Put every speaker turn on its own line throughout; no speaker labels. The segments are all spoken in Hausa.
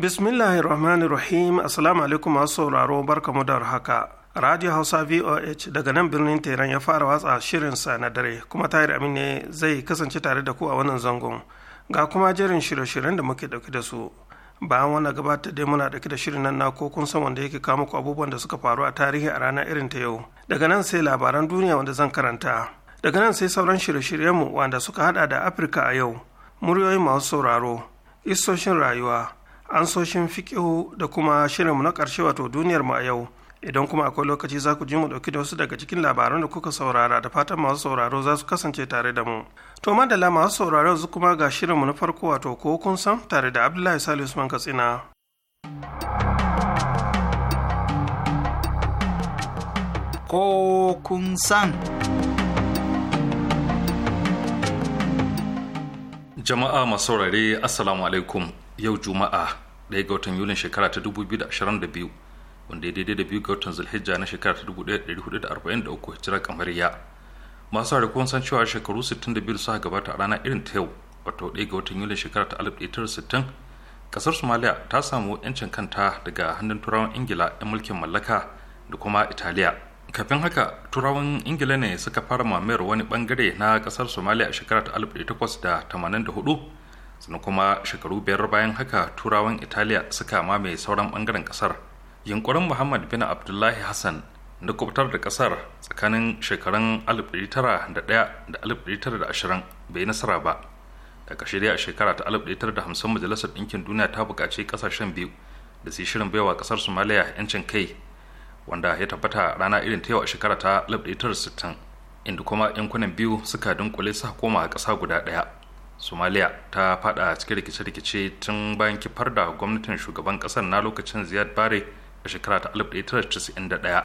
bismillahir rahmanir rahim assalamu alaikum masu sauraro barka mu da haka radio hausa voh daga nan birnin teran ya fara watsa shirinsa na dare kuma tahir amin ne zai kasance tare da ku a wannan zangon ga kuma jerin shirye-shiryen da muke dauke da su bayan wannan gabata dai muna dauke da shirin nan na ko kun san wanda yake kama ku abubuwan da suka faru a tarihi a rana irin ta yau daga nan sai labaran duniya wanda zan karanta daga nan sai sauran shirye-shiryenmu wanda suka hada da afirka a yau muryoyin masu sauraro isoshin rayuwa An shin fikihu da kuma shirinmu na ƙarshe wato duniyar mu a yau idan kuma akwai lokaci za ku ji mu ɗauki da wasu daga cikin labaran da kuka saurara da fatan masu sauraro za su kasance tare da mu to madalla masu sauraro yanzu kuma ga shirinmu na farko wato ko kun san tare da abdullahi salisu usman katsina ko kun san
jama'a masu saurare assalamu alaikum yau juma'a ɗaya ga watan yulin shekara ta 2022 wanda ya daidai da biyu ga watan zulhijja na shekara ta 1443 hijira kamariya masu hari kun san cewa shekaru 62 suka gabata a ranar irin ta yau wato ɗaya ga watan yulin shekara ta 1960 kasar somalia ta samu 'yancin kanta daga hannun turawan ingila 'yan mulkin mallaka da kuma italiya kafin haka turawan ingila ne suka fara mamayar wani bangare na kasar somalia a shekarar 1884 sannan kuma shekaru biyar bayan haka turawan italiya suka mamaye sauran bangaren kasar yunkurin muhammad bin abdullahi hassan na kubutar da kasar tsakanin shekarun 1901 da 1920 bai nasara ba da kashe dai a shekara ta 1950 majalisar ɗinkin duniya ta buƙaci ƙasashen biyu da su shirin baiwa ƙasar somaliya 'yancin kai wanda ya tabbata rana irin ta yau a shekara ta 1960 inda kuma yankunan biyu suka dunkule su koma a ƙasa guda ɗaya somalia ta fada cikin rikice-rikice tun bayan kifar da gwamnatin shugaban kasar na lokacin ziyad bare a shekara ta 1991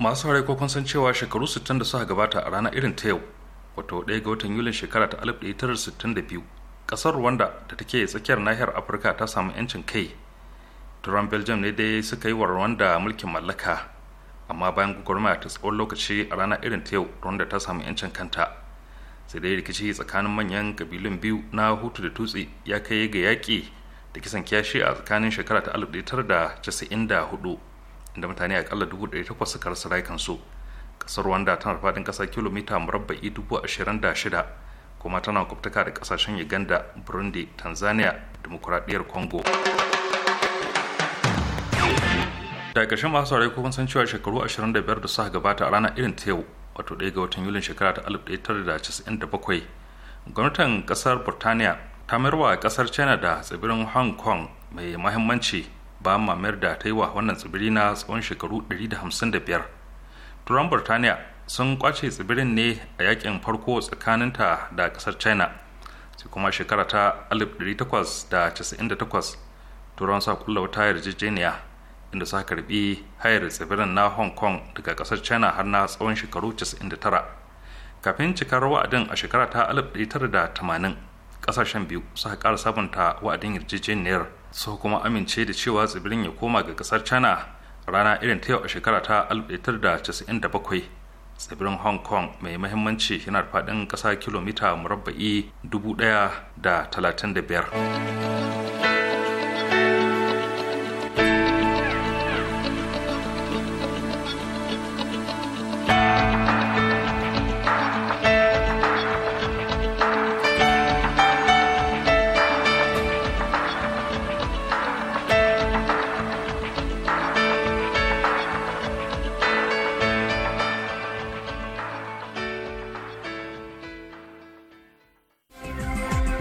masu harai kun san cewa shekaru 60 da suka gabata a ranar irin ta yau wato ɗaya ga watan yulin shekara ta 1962 kasar rwanda da take tsakiyar nahiyar afirka ta samu 'yancin kai turan belgium ne dai suka yi wa rwanda mulkin mallaka amma bayan gwagwarmaya ta tsawon lokaci a rana irin ta yau ronda ta samu 'yancin kanta sai dai rikici tsakanin manyan kabilun biyu na hutu da tutsi ya kai ga yaƙi da kisan kiyashi a tsakanin shekara ta da 1994 inda mutane a akalla 1,800 suka rasa rayukansu ƙasar wanda tana faɗin ƙasa kilomita murabba'i dubu ashirin da shida kuma tana kwaftaka da ƙasashen uganda burundi tanzania demokuraɗiyyar congo da ƙarshen masu saurari kun san cewa shekaru 25 da suka gabata a ranar irin ta yau wato ɗaya ga watan yulin shekara ta 1997 gwamnatin ƙasar burtaniya ta mayar wa ƙasar china da tsibirin hong kong mai mahimmanci ba mamayar da ta yi wa wannan tsibiri na tsawon shekaru 155 turan burtaniya sun kwace tsibirin ne a yakin farko tsakaninta da ƙasar china sai kuma shekara ta 1898 turan sa kulla wata yarjejeniya inda suka karbi hayar tsibirin na hong kong daga kasar china har na tsawon shekaru 99 kafin cikar wa'adin a shekara ta 1980 kasashen biyu suka ƙara sabunta wa'adin yarjejeniyar su kuma amince da cewa tsibirin ya koma ga kasar china rana irin ta yau a shekara ta 1997 tsibirin hong kong mai mahimmanci yana da faɗin ƙasa kilomita murabba'i 1,035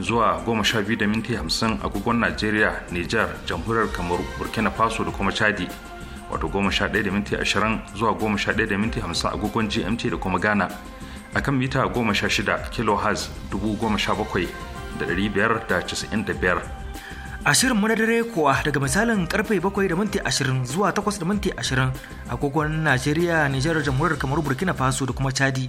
zuwa biyu da minti 50 agogon Najeriya, Nijar, Jamhuriyar Kamaru, Burkina Faso da kuma Chadi. Wato ɗaya da minti ashirin zuwa ɗaya da minti 50 agogon GMT da kuma Ghana. A kan mita 16 kHz 17,595. Ashirin mu na dare kuwa daga misalin karfe bakwai da minti ashirin zuwa takwas da minti 20 agogon Najeriya, Nijar, Jamhuriyar Kamaru, Burkina Faso da kuma Chadi.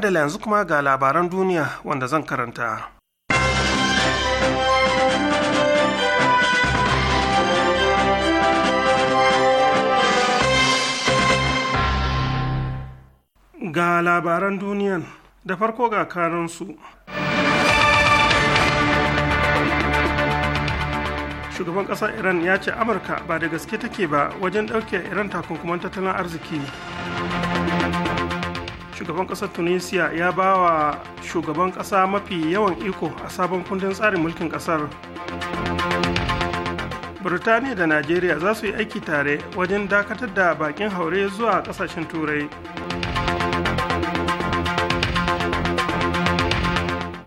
da yanzu kuma ga labaran duniya wanda zan karanta. Ga labaran duniyan da farko ga karansu. Shugaban ƙasar Iran ya ce Amurka ba da gaske take ba wajen ɗauke Iran takunkuman tattalin arziki. shugaban ƙasar tunisia ya ba wa shugaban ƙasa mafi yawan iko a sabon kundin tsarin mulkin ƙasar birtaniya da najeriya za su yi aiki tare wajen dakatar da bakin haure zuwa ƙasashen turai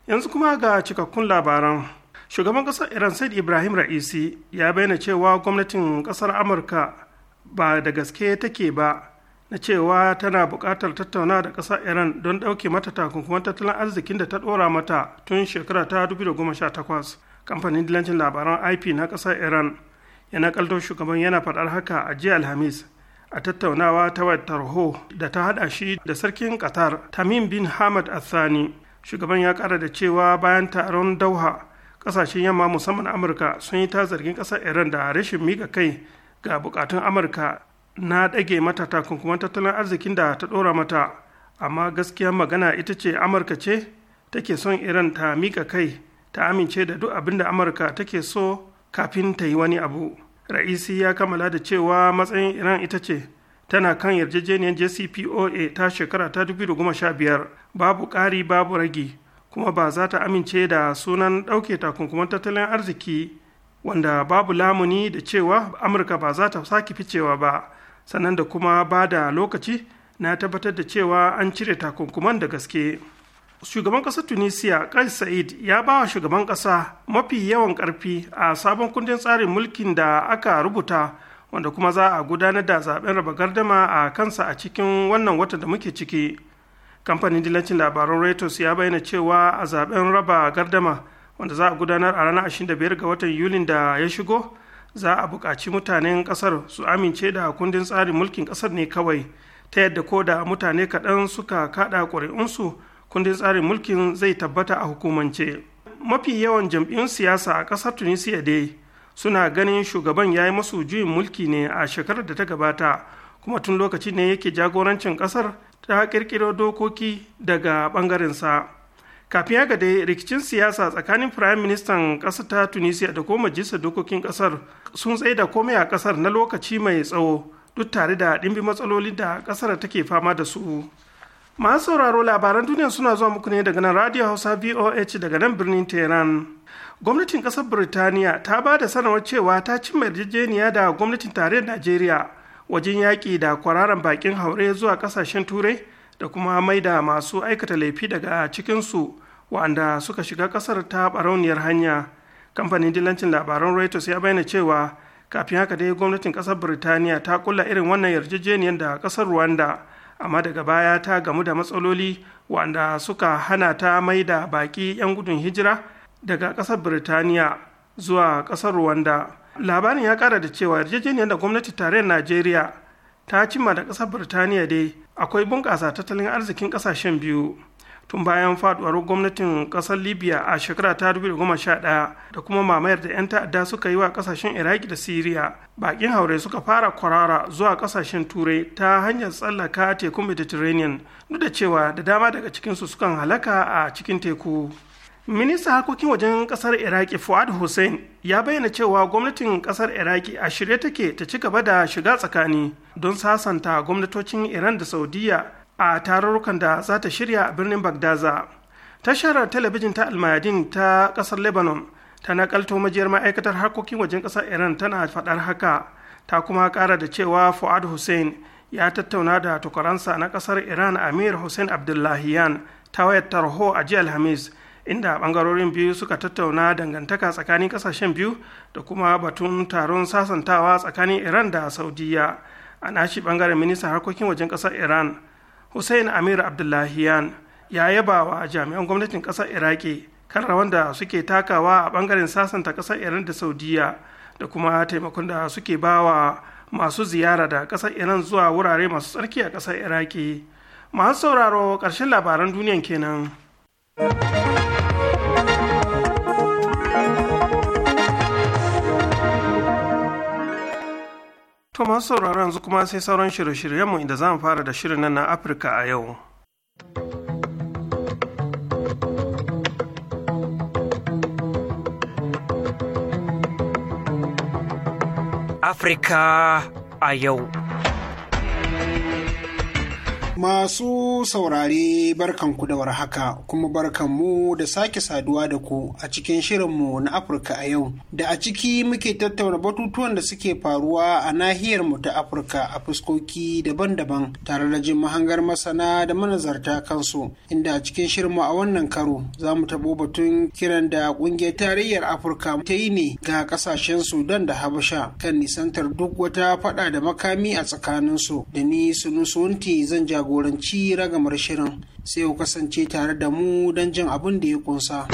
yanzu kuma ga cikakkun labaran shugaban ƙasar iran said ibrahim ra'isi ya bayyana cewa gwamnatin ƙasar amurka ba da gaske take ba na cewa tana buƙatar tattauna da ƙasar iran don ɗauke mata takunkuman tattalin arzikin da ta ɗora mata tun shekara ta 2018 kamfanin dilancin labaran ip na ƙasar iran yana kalto shugaban yana faɗar haka a jiya alhamis a tattaunawa ta wayar ho da ta haɗa shi da sarkin qatar tamim bin hamad athani shugaban ya kara da cewa bayan taron dauha ƙasashen yamma musamman amurka sun yi ta zargin ƙasar iran da rashin miƙa kai ga bukatun amurka na ɗage mata takunkuman tattalin arzikin da ta ɗora mata amma gaskiya magana ita ce amurka ce take son iran ta miƙa kai ta amince da duk abin da amurka take so kafin ta yi wani abu ra'isi ya kammala da cewa matsayin iran ita ce tana kan yarjejeniyar jcpoa ta shekara ta 2015 babu ƙari babu ragi kuma ba za ta amince da sunan ɗauke takunkuman tattalin arziki wanda babu lamuni da cewa amurka ba za ta sake ficewa ba sannan da kuma ba da lokaci na tabbatar da cewa an cire takunkuman da gaske shugaban ƙasa tunisia kais sa'id ya ba wa shugaban ƙasa mafi yawan ƙarfi a sabon kundin tsarin mulkin da aka rubuta wanda kuma za a gudanar da zaɓen raba gardama a kansa a cikin wannan watan da muke ciki kamfanin dilancin labaran reuters ya bayyana cewa a zaben raba gardama wanda za a gudanar a ranar 25 ga watan yulin da ya shigo za a buƙaci mutanen ƙasar su amince da kundin tsarin mulkin ƙasar ne kawai ta yadda ko da mutane kaɗan suka kaɗa ƙuri'unsu kundin tsarin mulkin zai tabbata a hukumance mafi yawan jam'iyyun siyasa a ƙasar tunisia dai suna ganin shugaban ya yi masu juyin mulki ne a shekarar da ta gabata kuma tun lokaci ne yake jagorancin ƙasar ta ƙirƙiro dokoki daga ɓangarensa kafin haka dai rikicin siyasa tsakanin firayim ministan ƙasar ta tunisia da kuma majalisar dokokin ƙasar sun tsaye da komai a ƙasar na lokaci mai tsawo duk tare da ɗimbi matsaloli da ƙasar take fama da su masu sauraro labaran duniya suna zuwa muku ne daga nan radio hausa voh daga nan birnin tehran gwamnatin ƙasar birtaniya ta ba da sanarwar cewa ta cimma yarjejeniya da gwamnatin tarayyar najeriya wajen yaƙi da kwararan bakin haure zuwa kasashen turai da kuma mai da masu aikata laifi daga cikinsu wa'anda suka shiga ƙasar ta barauniyar hanya kamfanin dilancin labaran reuters ya bayyana cewa kafin haka dai gwamnatin ƙasar birtaniya ta kulla irin wannan yarjejeniyar da ƙasar rwanda amma daga baya ta gamu da matsaloli wa'anda suka hana ta mai da baƙi 'yan gudun hijira daga ƙasar birtaniya zuwa ƙasar rwanda labarin ya ƙara da cewa yarjejeniyar da gwamnati tarayyar najeriya ta cimma da ƙasar birtaniya dai akwai bunƙasa tattalin arzikin ƙasashen biyu tun bayan faduwar gwamnatin kasar libya a shekara ta 2011 da kuma mamayar da 'yan ta'adda suka yi wa kasashen iraki da siriya bakin haure suka fara kwarara zuwa kasashen turai ta hanyar tsallaka tekun mediterranean duk da cewa da dama daga cikinsu sukan halaka a cikin teku minista harkokin wajen kasar iraki fuad hussein ya bayyana cewa gwamnatin kasar iraki a shirye take ta ci gaba da shiga tsakani don sasanta gwamnatocin iran da saudiya a tarurrukan da za ta shirya a birnin bagdaza tasharar talabijin ta almayadin ta kasar lebanon ta nakalto majiyar ma'aikatar harkokin wajen ƙasar iran tana faɗar haka ta kuma kara da cewa fuad hussein ya tattauna da tukuransa na ƙasar iran amir hussein abdullahiyan ta wayar tarho a jiya alhamis inda ɓangarorin biyu suka tattauna dangantaka tsakanin ƙasashen biyu da kuma batun taron sasantawa tsakanin iran da saudiyya a nashi ɓangaren ministan harkokin wajen ƙasar iran hussein amir abdullahiyan ya yaba wa jami'an gwamnatin ƙasar iraki kan rawan da suke takawa a ɓangaren sasanta ƙasar iran da saudiya da kuma taimakon da suke bawa masu ziyara da ƙasar iran zuwa wurare masu tsarki a ƙasar iraki masu sauraro ƙarshen labaran duniyan kenan. To masu sauraro yanzu kuma sai sauran shirye-shiryenmu inda za mu fara da shirin nan na Afirka a yau.
Afirka a yau.
Masu saurare barkanku da warhaka kuma barkanmu da sake saduwa da ku a cikin shirinmu na Afirka a yau da a ciki muke tattauna batutuwan da suke faruwa a nahiyar mu ta Afirka a fuskoki daban-daban tare da jin mahangar masana da manazarta kansu inda a cikin shirinmu a wannan karo za mu tabo batun kiran da kungiyar tarayyar Afirka ta yi ne ga kasashen Sudan da Habasha kan nisantar duk wata fada da makami a tsakaninsu da ni Sunusunti zan ja jagoranci ragamar shirin sai ku kasance tare da mu don jin abin da ya kunsa.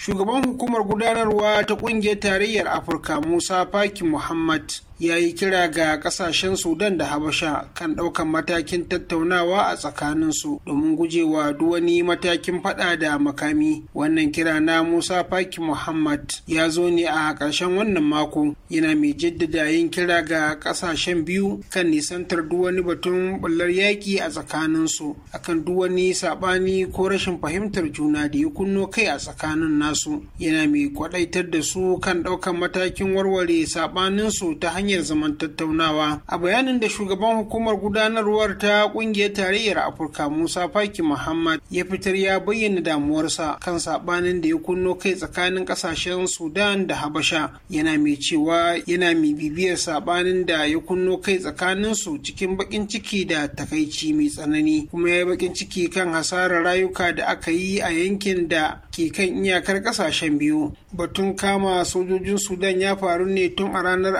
shugaban hukumar gudanarwa ta kungiyar tarayyar afirka musa faki muhammad ya yi kira ga kasashen sudan da habasha kan ɗaukan matakin tattaunawa a tsakaninsu domin gujewa duwani matakin fada da makami wannan kira na musa faki muhammad ya zo ne a ƙarshen wannan mako yana mai jaddada yin kira ga kasashen biyu kan nisantar duwani batun bullar yaƙi a tsakaninsu akan duwani saɓani ko rashin fahimtar juna da ya kunno kai a tsakanin nasu yana mai kwaɗaitar da su kan ɗaukan matakin warware saɓaninsu ta hanyar hanyar zaman tattaunawa a bayanin da shugaban hukumar gudanarwar ta kungiyar tarayyar afirka musa faki muhammad ya fitar ya bayyana damuwarsa kan sabanin da ya kunno kai tsakanin kasashen sudan da habasha yana mai cewa yana mai bibiyar sabanin da ya kunno kai tsakanin su cikin bakin ciki da takaici mai tsanani kuma ya yi bakin ciki kan hasarar rayuka da aka yi a yankin da ke kan iyakar kasashen biyu batun kama sojojin sudan ya faru ne tun a ranar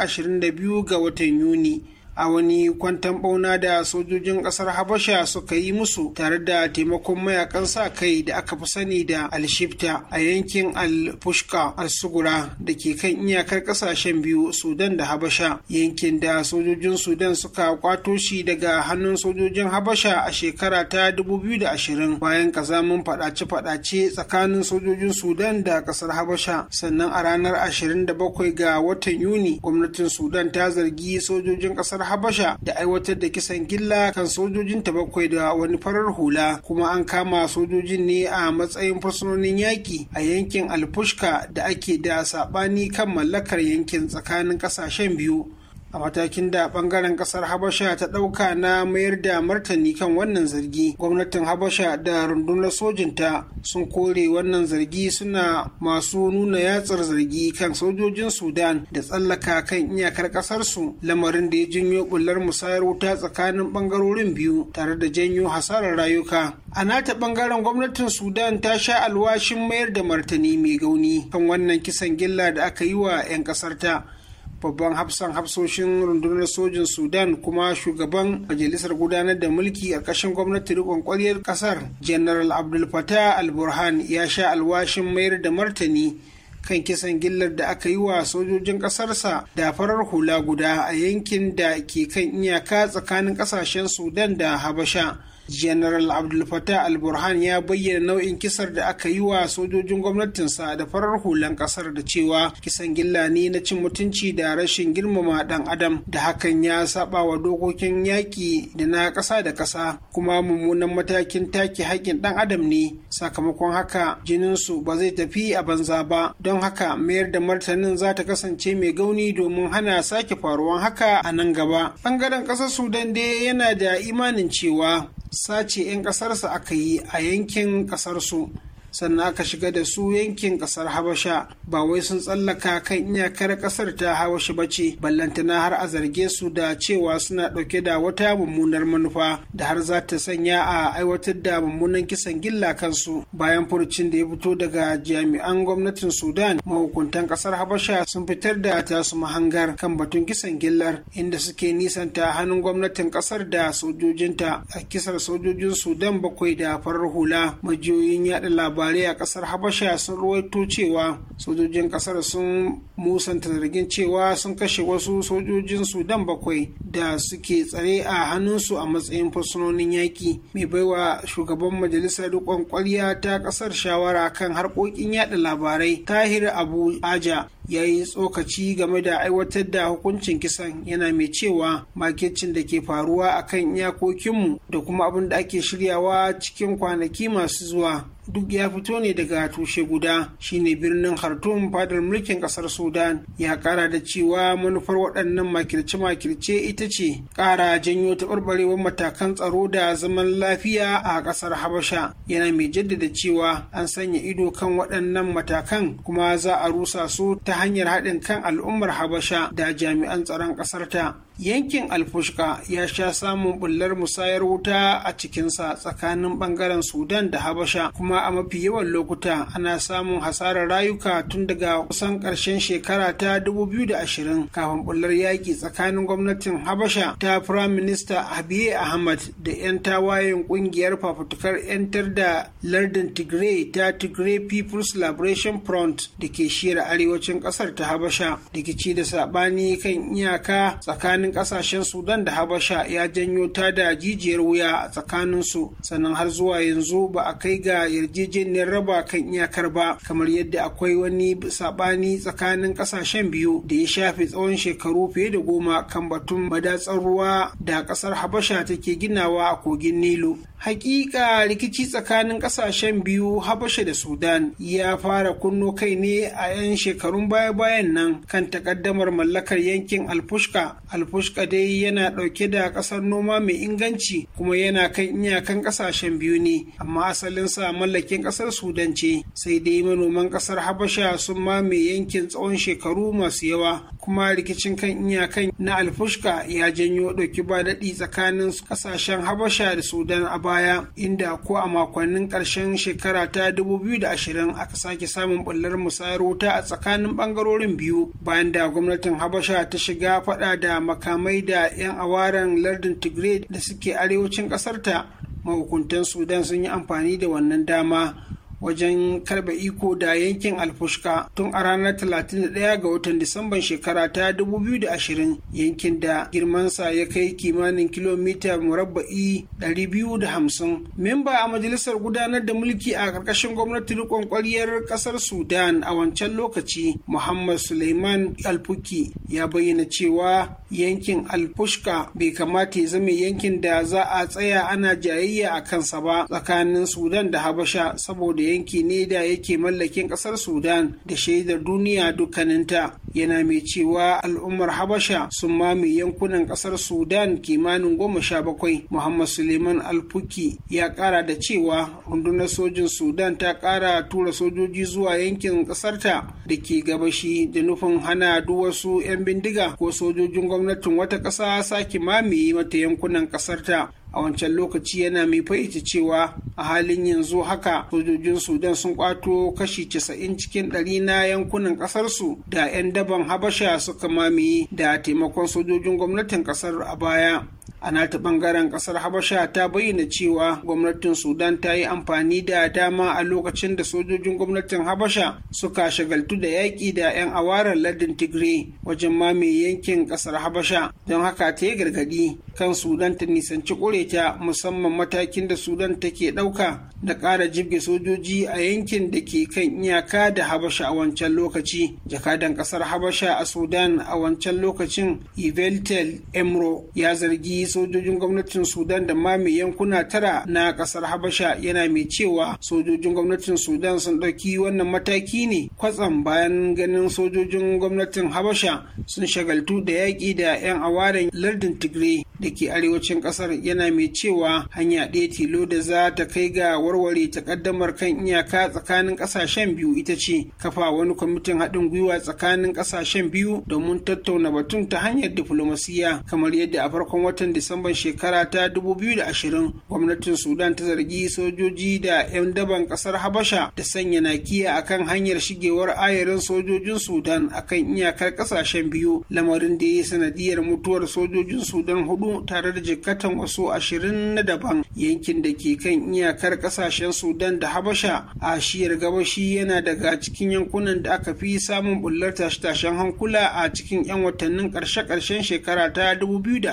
biyu ga watan Yuni a wani kwantan bauna da sojojin kasar habasha suka yi musu tare da taimakon mayakan sa kai da aka fi sani da alshifta a yankin al-fushka al-sugura da ke kan iyakar kasashen biyu sudan da habasha yankin da sojojin sudan suka kwato shi daga hannun sojojin habasha a shekara ta 2020 bayan kazamin fadace-fadace tsakanin sojojin sudan da kasar habasha sannan a ranar 27 ga watan yuni gwamnatin sudan ta zargi sojojin kasar habasha da aiwatar da kisan gilla kan sojojin ta bakwai da wani farar hula kuma an kama sojojin ne a matsayin fursunonin yaƙi a yankin alfushka da ake da saɓani kan mallakar yankin tsakanin ƙasashen biyu a matakin da bangaren kasar habasha ta dauka na mayar da martani kan wannan zargi gwamnatin habasha da rundunar sojinta sun kore wannan zargi suna masu nuna yatsar zargi kan sojojin sudan da tsallaka kan iyakar kasarsu lamarin da ya janyo bullar musayar wuta tsakanin bangarorin biyu tare da janyo hasarar rayuka a nata bangaren gwamnatin sudan ta sha alwashin mayar da martani mai gauni kan wannan kisan gilla da aka yi wa 'yan kasarta babban hafsan hafsoshin rundunar sojin sudan kuma shugaban majalisar gudanar da mulki a ƙarshen gwamnati rikon ƙwaryar ƙasar general abdul fatah al-burhan ya sha alwashin mayar da martani kan kisan gillar da aka yi wa sojojin ƙasarsa da farar hula guda a yankin da ke kan iyaka tsakanin ƙasashen sudan da habasha general abdul Fattah al-burhan ya bayyana nau'in kisar da aka yi wa sojojin gwamnatinsa da farar hulan kasar da cewa kisan gilla ne na cin mutunci da rashin girmama dan adam da hakan ya saba wa dokokin yaƙi da na ƙasa da ƙasa kuma mummunan matakin take haƙƙin dan adam ne sakamakon haka jinin su ba zai tafi a banza ba don haka mayar da martanin za ta kasance mai gauni domin hana sake faruwan haka a nan gaba Bangaren ƙasar sudan dai yana da imanin cewa sace 'yan ƙasarsa aka yi a yankin ƙasarsu sannan aka shiga da su yankin kasar habasha ba wai sun tsallaka kan iyakar kasar ta habasha ba ce ballantana har a zarge su da cewa suna ɗauke da wata mummunar manufa da har za ta sanya a aiwatar da mummunan kisan gilla kansu bayan furucin da ya fito daga jami'an gwamnatin sudan mahukuntan kasar habasha sun fitar da tasu mahangar kan batun kisan gillar inda suke nisanta hannun gwamnatin kasar da sojojinta a kisar sojojin sudan bakwai da farar hula majiyoyin yaɗa labarai labarai a kasar habasha sun ruwaito cewa sojojin kasar sun musanta zargin cewa sun kashe wasu sojojin sudan bakwai da suke tsare a hannunsu a matsayin fursunonin yaƙi mai baiwa shugaban majalisar riƙon kwarya ta kasar shawara kan harkokin yada labarai tahir abu aja ya yi tsokaci game da aiwatar da hukuncin kisan yana mai cewa makircin da ke faruwa a kan iyakokinmu da kuma abin da ake shiryawa cikin kwanaki masu zuwa duk ya fito ne daga tushe guda shine birnin khartoum fadar mulkin kasar sudan ya kara da cewa manufar waɗannan makirce-makirce ita ce kara janyo taɓarɓarewar matakan tsaro da zaman lafiya a ƙasar habasha yana mai jaddada cewa an sanya ido kan waɗannan matakan kuma za a rusa su ta ta hanyar haɗin kan al'ummar habasha da jami'an tsaron ƙasarta yankin alfushka ya sha samun bullar musayar wuta a cikinsa tsakanin bangaren sudan da habasha kuma a mafi yawan lokuta ana samun hasarar rayuka tun daga kusan ƙarshen shekara ta 2020 kafin bullar yaƙi tsakanin gwamnatin habasha ta firayim minista abiy ahmad da 'yan tawayen ƙungiyar fafutukar 'yantar da lardin tigray ta tigray people's liberation front da ke shira arewacin ƙasar ta habasha rikici da saɓani kan iyaka tsakanin tsakanin kasashen sudan da habasha ya janyo ta da jijiyar wuya a su sannan har zuwa yanzu ba a kai ga yarjejeniyar raba kan iyakar ba kamar yadda akwai wani sabani tsakanin kasashen biyu da ya shafe tsawon shekaru fiye da goma kan batun madatsar ruwa da kasar habasha take ginawa a kogin nilu hakika rikici tsakanin kasashen biyu habasha da sudan ya fara kunno kai ne a 'yan shekarun baya-bayan nan kan takaddamar mallakar yankin alfushka alfushka Fuska dai yana ɗauke da ƙasar noma mai inganci kuma yana kan iyakan ƙasashen biyu ne, amma asalin asalinsa mallakin ƙasar Sudan ce, sai dai manoman ƙasar Habasha sun mame yankin tsawon shekaru masu yawa, kuma rikicin kan iyakan na Alfuska ya janyo ɗauki ba daɗi tsakanin ƙasashen Habasha da Sudan a baya, inda ko a makonnin ƙarshen shekara ta 2020 aka sake samun ɓullar musayar wuta a tsakanin ɓangarorin biyu, bayan da gwamnatin Habasha ta shiga faɗa da makamai da 'yan awaren lardin tigray da suke arewacin kasarta mahukuntan sudan sun yi amfani da wannan dama wajen karba iko da yankin alfushka tun a ranar 31 ga watan disamban shekara ta 2020 yankin da girmansa ya kai kimanin kilomita murabba'i 250 memba a majalisar gudanar da mulki a karkashin gwamnatin rikon ƙwaryar ƙasar sudan a wancan lokaci muhammad suleiman alfuki ya bayyana cewa yankin alfushka bai kamata ya zama yankin da za a tsaya ana jayayya a kansa ba tsakanin sudan da habasha saboda yanki ne da yake mallakin kasar sudan da shaidar duniya dukkaninta yana mai cewa al'ummar habasha sun mame yankunan kasar sudan kimanin goma sha bakwai muhammad suleiman alfuki ya kara da cewa rundunar sojin sudan ta kara tura sojoji zuwa yankin kasarta da ke gabashi da nufin hana duk wasu 'yan bindiga ko sojojin gwamnatin wata ƙasa sake mamaye mata yankunan kasarta. a wancan lokaci yana mai fahimta cewa a halin yanzu haka sojojin sudan sun kwato kashi casa'in cikin ɗari na yankunan kasarsu da 'yan daban habasha suka mamaye da taimakon sojojin gwamnatin ƙasar a baya a nata bangaren kasar habasha ta bayyana cewa gwamnatin sudan ta yi amfani da dama a lokacin da sojojin gwamnatin habasha suka shagaltu da yaƙi da 'yan awarar ladin tigray wajen mamaye yankin kasar habasha don haka ta yi gargadi. kan sudan ta nisanci ƙureta musamman matakin da sudan take ɗauka da ƙara jibge sojoji a yankin da ke kan iyaka da habasha a wancan lokaci jakadan kasar habasha a sudan a wancan lokacin iveltel emro ya zargi zargi sojojin gwamnatin sudan da mami yankuna tara na kasar habasha yana mai cewa sojojin gwamnatin sudan sun ɗauki wannan mataki ne kwatsam bayan ganin sojojin gwamnatin habasha sun shagaltu da yaƙi da 'yan awarin lardin tigray da ke arewacin kasar yana mai cewa hanya ɗaya tilo da za ta kai ga warware takaddamar kan iyaka tsakanin ƙasashen biyu ita ce kafa wani kwamitin haɗin gwiwa tsakanin ƙasashen biyu domin tattauna batun ta hanyar diflomasiya kamar yadda a farkon wata. watan disamban shekara ta 2020 gwamnatin sudan ta zargi sojoji da 'yan daban kasar habasha da sanya nakiya akan hanyar shigewar ayarin sojojin sudan akan iyakar kasashen biyu lamarin da ya yi sanadiyar mutuwar sojojin sudan hudu tare da jikkatan wasu ashirin na daban yankin da ke kan iyakar kasashen sudan da habasha a shiyar gabashi yana daga cikin yankunan da aka fi samun bullar tashe-tashen hankula a cikin 'yan watannin karshe-karshen shekara ta 2020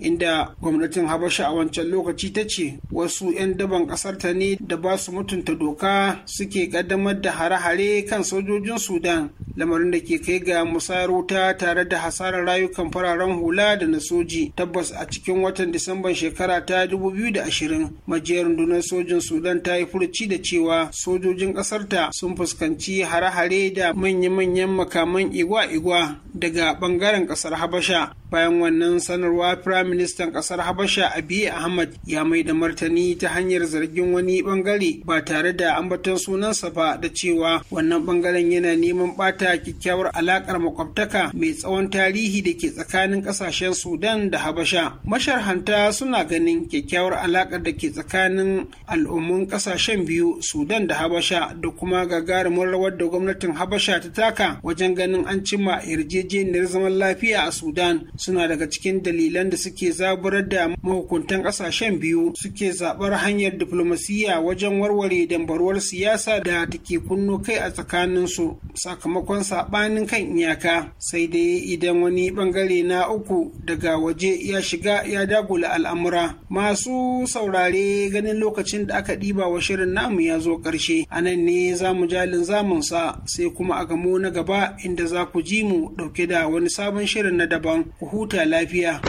inda gwamnatin habasha a wancan lokaci ta ce wasu 'yan daban ƙasarta ne da ba su mutunta doka suke ƙaddamar da hare-hare kan sojojin sudan lamarin da ke kai ga musayar wuta tare da hasarar rayukan fararen hula da na soji tabbas a cikin watan disamban shekara ta 2020 majiyar rundunar sojin sudan ta yi furuci da cewa sojojin ƙasarta sun fuskanci hare-hare da manya-manyan makaman igwa-igwa daga ɓangaren ƙasar habasha bayan wannan sanarwa firaministan ƙasar habasha abiy ahmad ya mai da martani ta hanyar zargin wani bangare ba tare da ambaton sunansa ba da cewa wannan bangaren yana neman bata kyakkyawar alakar makwabtaka mai tsawon tarihi da ke tsakanin ƙasashen sudan da habasha masharhanta suna ganin kyakkyawar alakar da ke tsakanin al'ummun ƙasashen biyu sudan da habasha da kuma gagarumin rawar da gwamnatin habasha ta taka wajen ganin an cimma yarjejeniyar zaman lafiya a sudan suna daga cikin dalilan da suke zaburar da mahukuntan ƙasashen biyu suke zaɓar hanyar diflomasiyya wajen warware dambarwar siyasa da take kunno kai a tsakaninsu sakamakon saɓanin kan iyaka sai dai idan wani ɓangare na uku daga waje ya shiga ya dagula al'amura masu saurare ganin lokacin da aka ɗiba wa shirin namu ya zo ƙarshe a nan ne za mu jalin sa, sai kuma a gamo na gaba inda za ku ji mu ɗauke da wani sabon shirin na daban ku huta lafiya.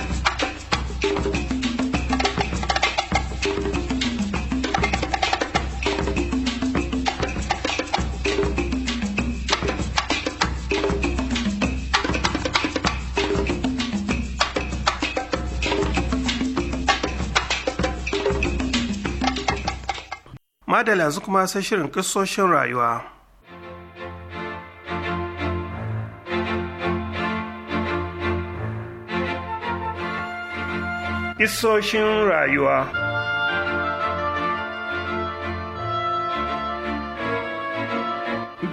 amma da yanzu kuma sai shirin kisoshin rayuwa Isoshin rayuwa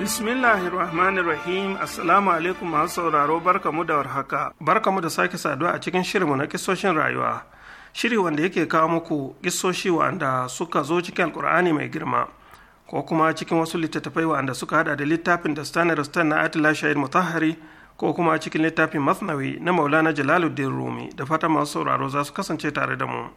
Bismillahirrahmanirrahim Assalamu alaikum masu sauraro barkamu da warhaka barkamu da sake saduwa a cikin shirinmu na kisoshin rayuwa shiri wanda yake kawo muku kisoshi wanda suka zo cikin alkur'ani mai girma ko kuma cikin wasu littattafai wanda suka hada da littafin da stanar stan na atila shahid mutahari ko kuma cikin littafin masnawi na maulana jalaluddin rumi da fata masu sauraro za su kasance tare da mu.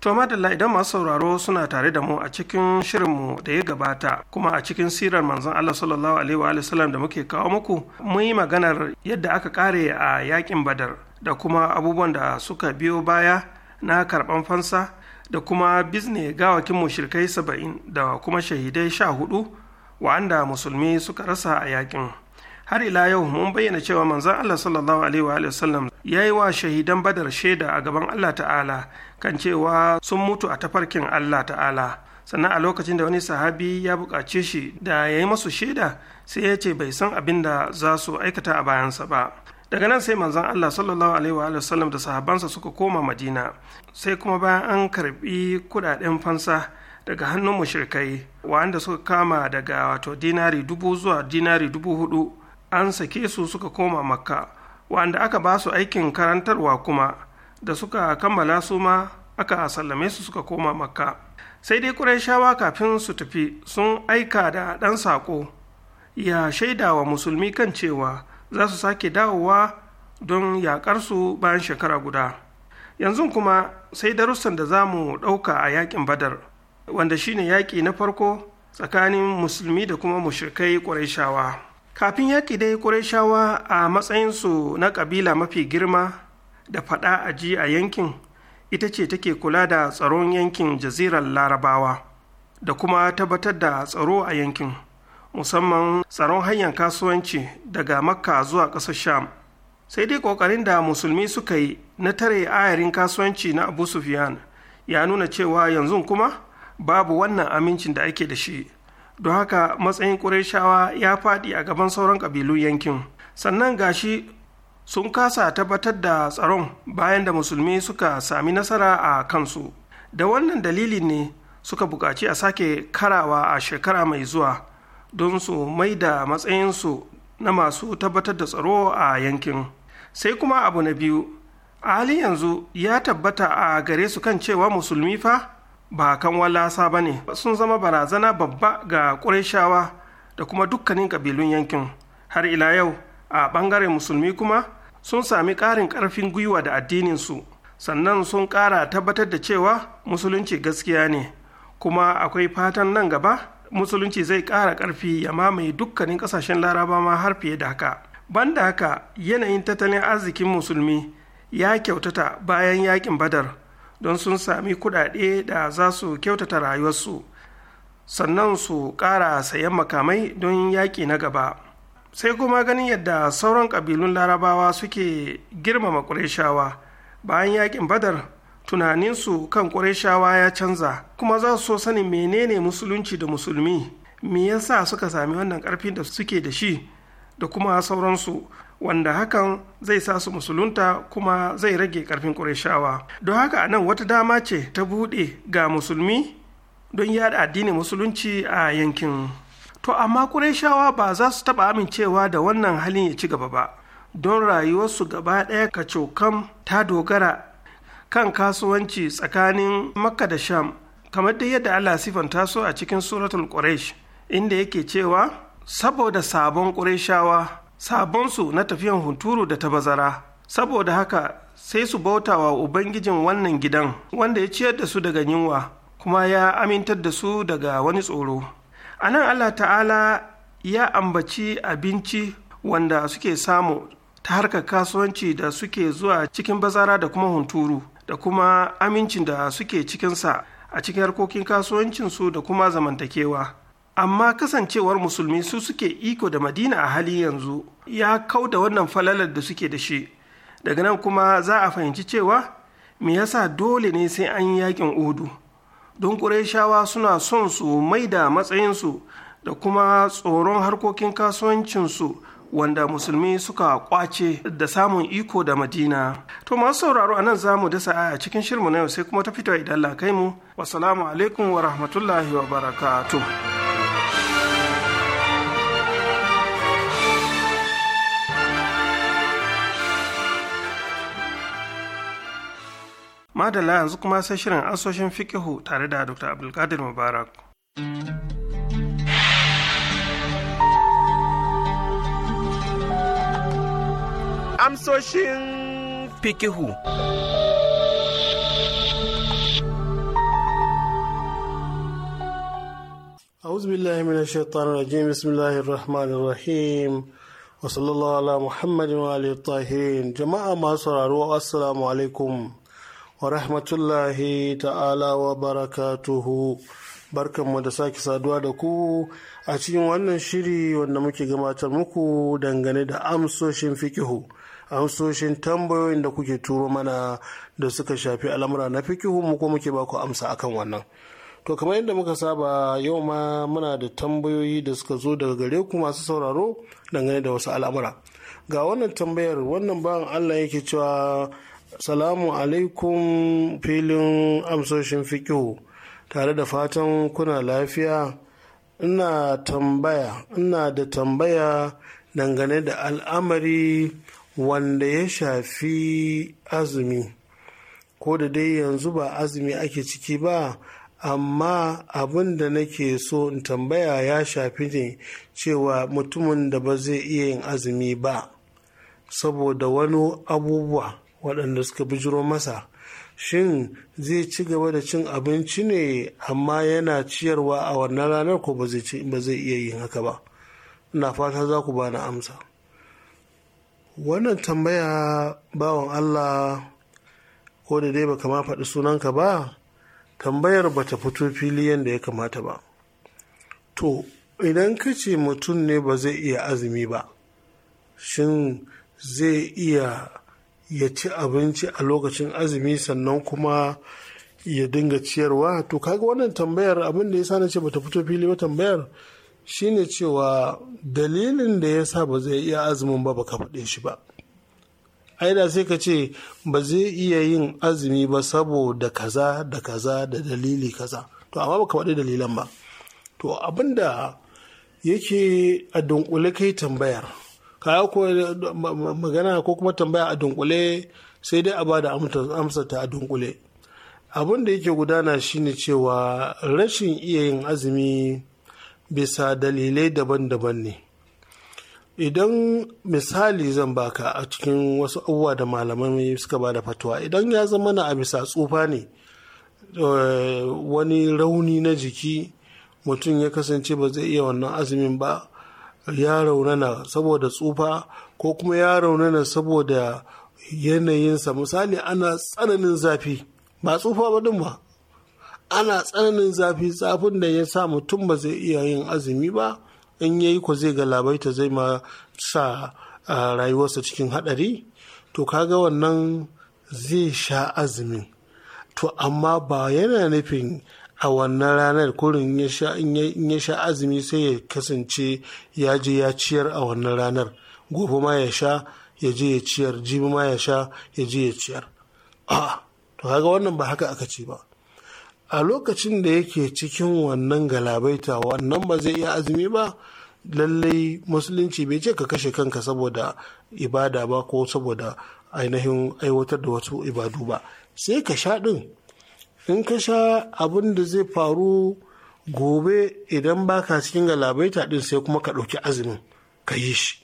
To madalla idan masu sauraro suna tare da mu a cikin shirinmu da ya gabata kuma a cikin sirar manzon Allah sallallahu alaihi wa sallam da muke kawo muku mun yi maganar yadda aka kare a yakin Badar da kuma abubuwan da suka biyo baya na karban fansa da kuma bizne gawakin shirkai saba'in da kuma shahidai sha hudu wa'anda musulmi suka rasa a yakin. har ila yau mun bayyana cewa manzon Allah sallallahu alaihi wa sallam ya yi wa shahidan badar shaida a gaban Allah ta'ala kan cewa sun mutu a tafarkin Allah ta'ala sannan a lokacin da wani sahabi ya buƙace shi da ya yi masu shaida sai ya ce bai san abin da za su aikata a bayansa ba daga nan sai manzon Allah sallallahu alaihi wa da sahabansa suka koma Madina sai kuma bayan an karbi kudaden fansa daga hannun mushrikai wanda suka kama daga wato dinari dubu zuwa dinari dubu hudu an sake su suka koma makka wanda aka ba su aikin karantarwa kuma da suka kammala su ma aka sallame su suka koma makka sai dai ƙuraishawa kafin su tafi sun aika da ɗan saƙo ya shaida wa musulmi kan cewa za su sake dawowa don yaƙar su bayan shekara guda yanzu kuma sai darussan da za mu ɗauka a yaƙin badar wanda shine yaƙi na farko tsakanin musulmi da kuma mushrikai ƙuraishawa. kafin yaƙi dai ƙurayshawa a matsayinsu na ƙabila mafi girma da faɗa a ji a yankin ita ce take kula da tsaron yankin jazirar larabawa da kuma tabbatar da tsaro a yankin musamman tsaron hanyar kasuwanci daga makka zuwa ƙasar sham sai dai ƙoƙarin da musulmi suka yi na tare ayarin kasuwanci na abu sufyan ya nuna cewa yanzu kuma babu wannan amincin da ake da shi don haka matsayin ƙurashawa ya faɗi a gaban sauran ƙabilun yankin sannan gashi sun kasa tabbatar da tsaron bayan da musulmi suka sami nasara a kansu da wannan dalili ne suka buƙaci a sake karawa a shekara mai zuwa don su mai da matsayinsu na masu tabbatar da tsaro a yankin sai kuma abu na biyu a halin yanzu ya tabbata a gare su kan cewa musulmi fa ba kan walasa ba ne sun zama barazana babba ga ƙurashawa da kuma dukkanin ƙabilun yankin har ila yau a ɓangaren musulmi kuma sun sami ƙarin ƙarfin gwiwa da addininsu sannan sun ƙara tabbatar da cewa musulunci gaskiya ne kuma akwai fatan nan gaba musulunci zai ƙara ƙarfi ya mamaye dukkanin ƙasashen laraba ma har fiye da haka banda haka yanayin tattalin arzikin musulmi ya kyautata bayan yakin badar don sun sami kuɗaɗe da za su kyautata rayuwarsu sannan su ƙara sayan makamai don yaƙi na gaba sai kuma ganin yadda sauran ƙabilun larabawa suke girmama ƙureshawa bayan yakin badar tunaninsu kan ƙureshawa ya canza kuma za su so sanin menene musulunci da musulmi me yasa suka sami wannan ƙarfin da suke da shi da kuma sauransu wanda hakan zai sa su musulunta kuma zai rage ƙarfin ƙureshawa don haka nan wata dama ce ta buɗe ga musulmi don yada addinin musulunci a yankin. to amma ƙurayshawa ba za su taɓa amincewa da wannan halin ya ci gaba ba don rayuwarsu gaba ɗaya kacokam ta dogara kan kasuwanci tsakanin makka da sham kamar dai yadda allah sifanta so a cikin suratul quraish inda yake cewa saboda sabon sabon sabonsu na tafiyan hunturu da ta bazara saboda haka sai su bauta wa ubangijin wannan gidan wanda ya ciyar da su daga yunwa kuma ya amintar da su daga wani tsoro a nan allah ta'ala ya ambaci abinci wanda suke samu ta harkar kasuwanci da suke zuwa cikin bazara da kuma hunturu da kuma amincin da suke cikinsa a cikin harkokin kasuwancinsu da kuma zamantakewa amma kasancewar musulmi su suke iko da madina a hali yanzu ya kau da wannan falalar da suke da shi daga nan kuma za a fahimci cewa me yasa dole ne sai an yi yakin udu don Shawa suna son su mai da matsayinsu da kuma tsoron harkokin kasuwancinsu wanda musulmi suka kwace da samun iko da madina to masu sauraro a nan za mu dasa a cikin shirmu na yau sai kuma ta fito idan la kai mu wasalamu alaikum wa rahmatullahi wa barakatuh madala yanzu kuma sai shirin asoshin fikihu tare da dr abdulkadir mubarak amsoshin fikihu
أعوذ بالله من الشيطان الرجيم بسم الله الرحمن الرحيم وصلى الله على محمد وآله الطاهرين جماعة ما صراروا السلام عليكم wa rahmatullahi ta'ala wa barakatuhu barkanmu da sake saduwa da ku a cikin wannan shiri wanda muke gabatar muku dangane da amsoshin fikihu amsoshin tambayoyin da kuke turo mana da suka shafi al'amura na fikihu mu ko muke baku amsa akan wannan to kamar yadda muka saba yau ma muna da tambayoyi da suka zo daga gare ku masu sauraro dangane da wasu al'amura ga wannan tambayar wannan bayan allah yake cewa salamu alaikum filin amsoshin fikihu tare da fatan kuna lafiya ina tambaya ina da tambaya dangane da al'amari wanda ya shafi azumi ko da dai yanzu ba azumi ake ciki ba amma abin da nake so in tambaya ya shafi ne cewa mutumin da ba zai iya yin azumi ba saboda wani abubuwa waɗanda suka bijiro masa shin zai ci gaba da cin abinci ne amma yana ciyarwa a wannan ranar ko ba zai iya yin haka ba na fata za ku bani amsa wannan tambaya bawan allah ko da dai ba kama faɗi sunanka ba tambayar ba ta fito fili yadda ya kamata ba to idan ka ce mutum ne ba zai iya azumi ba shin zai iya ya ci abinci a lokacin azumi sannan kuma ya dinga ciyarwa to kaga wannan tambayar abin da ya sa na ce bata fito fili ba tambayar shine cewa dalilin da ya sa ba zai iya azumin ba baka faɗe shi ba ai da sai ka ce ba zai iya yin azumi ba saboda kaza da kaza da dalili kaza to amma baka faɗi dalilan ba to abinda da yake a dunkule kai tambayar kaya ko magana ko kuma tambaya a dunkule sai dai a ba da amsa ta a dunkule abin da yake gudana shine cewa rashin iya yin azumi bisa dalilai daban-daban ne idan misali zan baka a cikin wasu abubuwa da malamai suka ba da fatuwa idan ya zama na a bisa tsufa ne eh, wani rauni na jiki mutum ya kasance ba zai iya wannan azumin ba ya raunana saboda tsufa ko kuma ya raunana saboda yanayinsa misali ana tsananin zafi ba tsufa ba ba ana tsananin zafi zafin da ya sa mutum ba zai iya yin azumi ba in ya yi ko zai ga labaita zai ma sa rayuwarsa cikin haɗari to kaga wannan zai sha azumin to amma ba yana nufin a wannan ranar kurin in ya sha azumi sai ya kasance ya je ya ciyar a wannan ranar gobe ma ya sha ya je ya ciyar jibi ma ya sha ya je ya ciyar a ah, to kaga wannan ba haka aka ce ba a lokacin da yake cikin wannan galabaita wannan ba zai iya azumi ba lallai musulunci bai ce ka kashe kanka saboda ibada ba ko saboda ainihin aiwatar da wasu ibadu ba sai ka sha din. in ka sha abin da zai faru gobe idan baka cikin galabaita ɗin sai kuma ka ɗauki azumin ka yi shi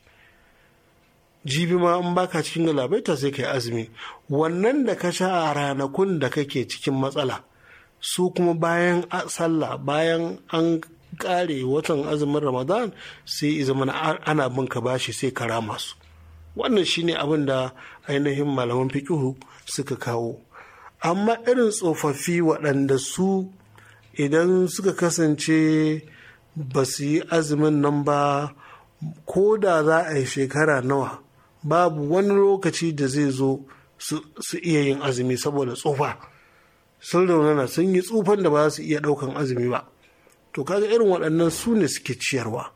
jibi ma in baka cikin galabaita sai ka yi azumi wannan da ka sha a ranakun da kake cikin matsala su kuma bayan sallah bayan an ƙare watan azumin ramadan sai zama ana bin ka bashi sai ka rama su wannan shine abin da ainihin malaman fikihu suka kawo amma irin tsofaffi waɗanda su idan suka kasance ba su yi azumin nan ba ko da za a yi shekara nawa babu wani lokaci da zai zo su iya yin azumi saboda tsufa sun raunana sun yi tsufan da ba su iya ɗaukan azumi ba to kaga irin waɗannan su ne suke ciyarwa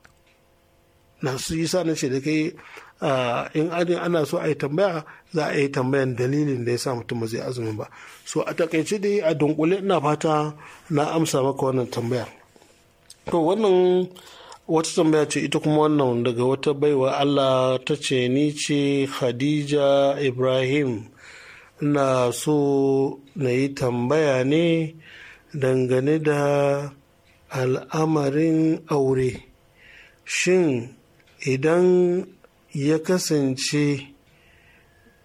na su yi sa na ce da kai Ah, in ana so a yi tambaya za a yi tambayan dalilin da ya sa mutum zai azumin ba so a takaice dai a dunkule ina fata na amsa maka wannan tambaya to wannan wata tambaya ce ita kuma wannan daga wata baiwa allah ta ce ni ce khadija ibrahim na so na yi tambaya ne dangane da al'amarin aure shin idan ya kasance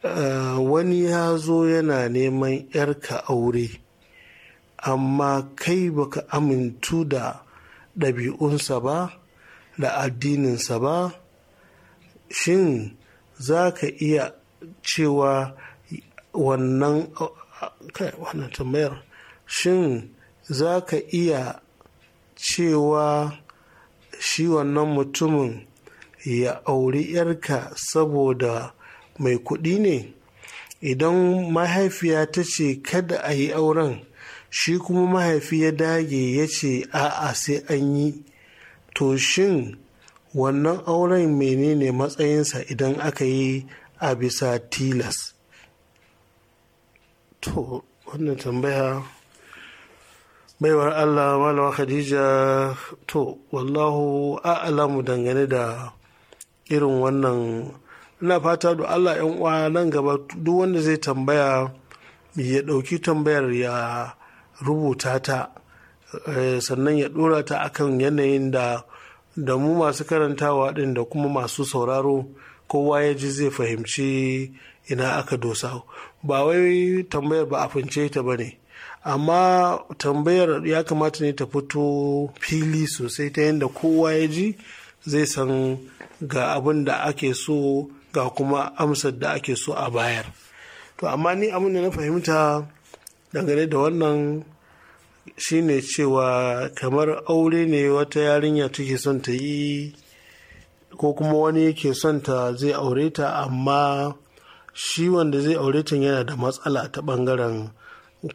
eh, wani ya zo yana neman 'yarka aure amma kai baka amintu da ɗabi'unsa ba da addininsa ba shin za ka iya cewa wannan tambayar shin za ka iya cewa shi wannan mutumin ya auri yarka saboda mai kuɗi ne idan mahaifiya ta ce kada a yi auren shi kuma mahaifi ya dage ya ce a'a sai an yi to shin wannan auren menene matsayinsa idan aka yi a bisa tilas to wannan tambaya baiwar allah malawa khadija to wallahu a'lamu dangane da irin wannan ina fata da allah yan uwa nan gaba duk wanda zai tambaya ya dauki tambayar ya rubuta ta eh, sannan ya ɗora ta akan yanayin da da mu masu karantawa ɗin da kuma masu sauraro kowa ya ji zai fahimci ina aka dosa ba wai tambayar ba a fince ta ba ne amma tambayar ya kamata ne ta fito fili sosai ta yadda kowa ya ji zai san ga abin da ake so ga kuma amsar da ake so a bayar to amma ni abin da na fahimta dangane da wannan shine cewa kamar aure ne wata yarinya take son ta yi ko kuma wani yake son ta zai aure ta amma shi wanda zai aure ta yana da matsala ta bangaren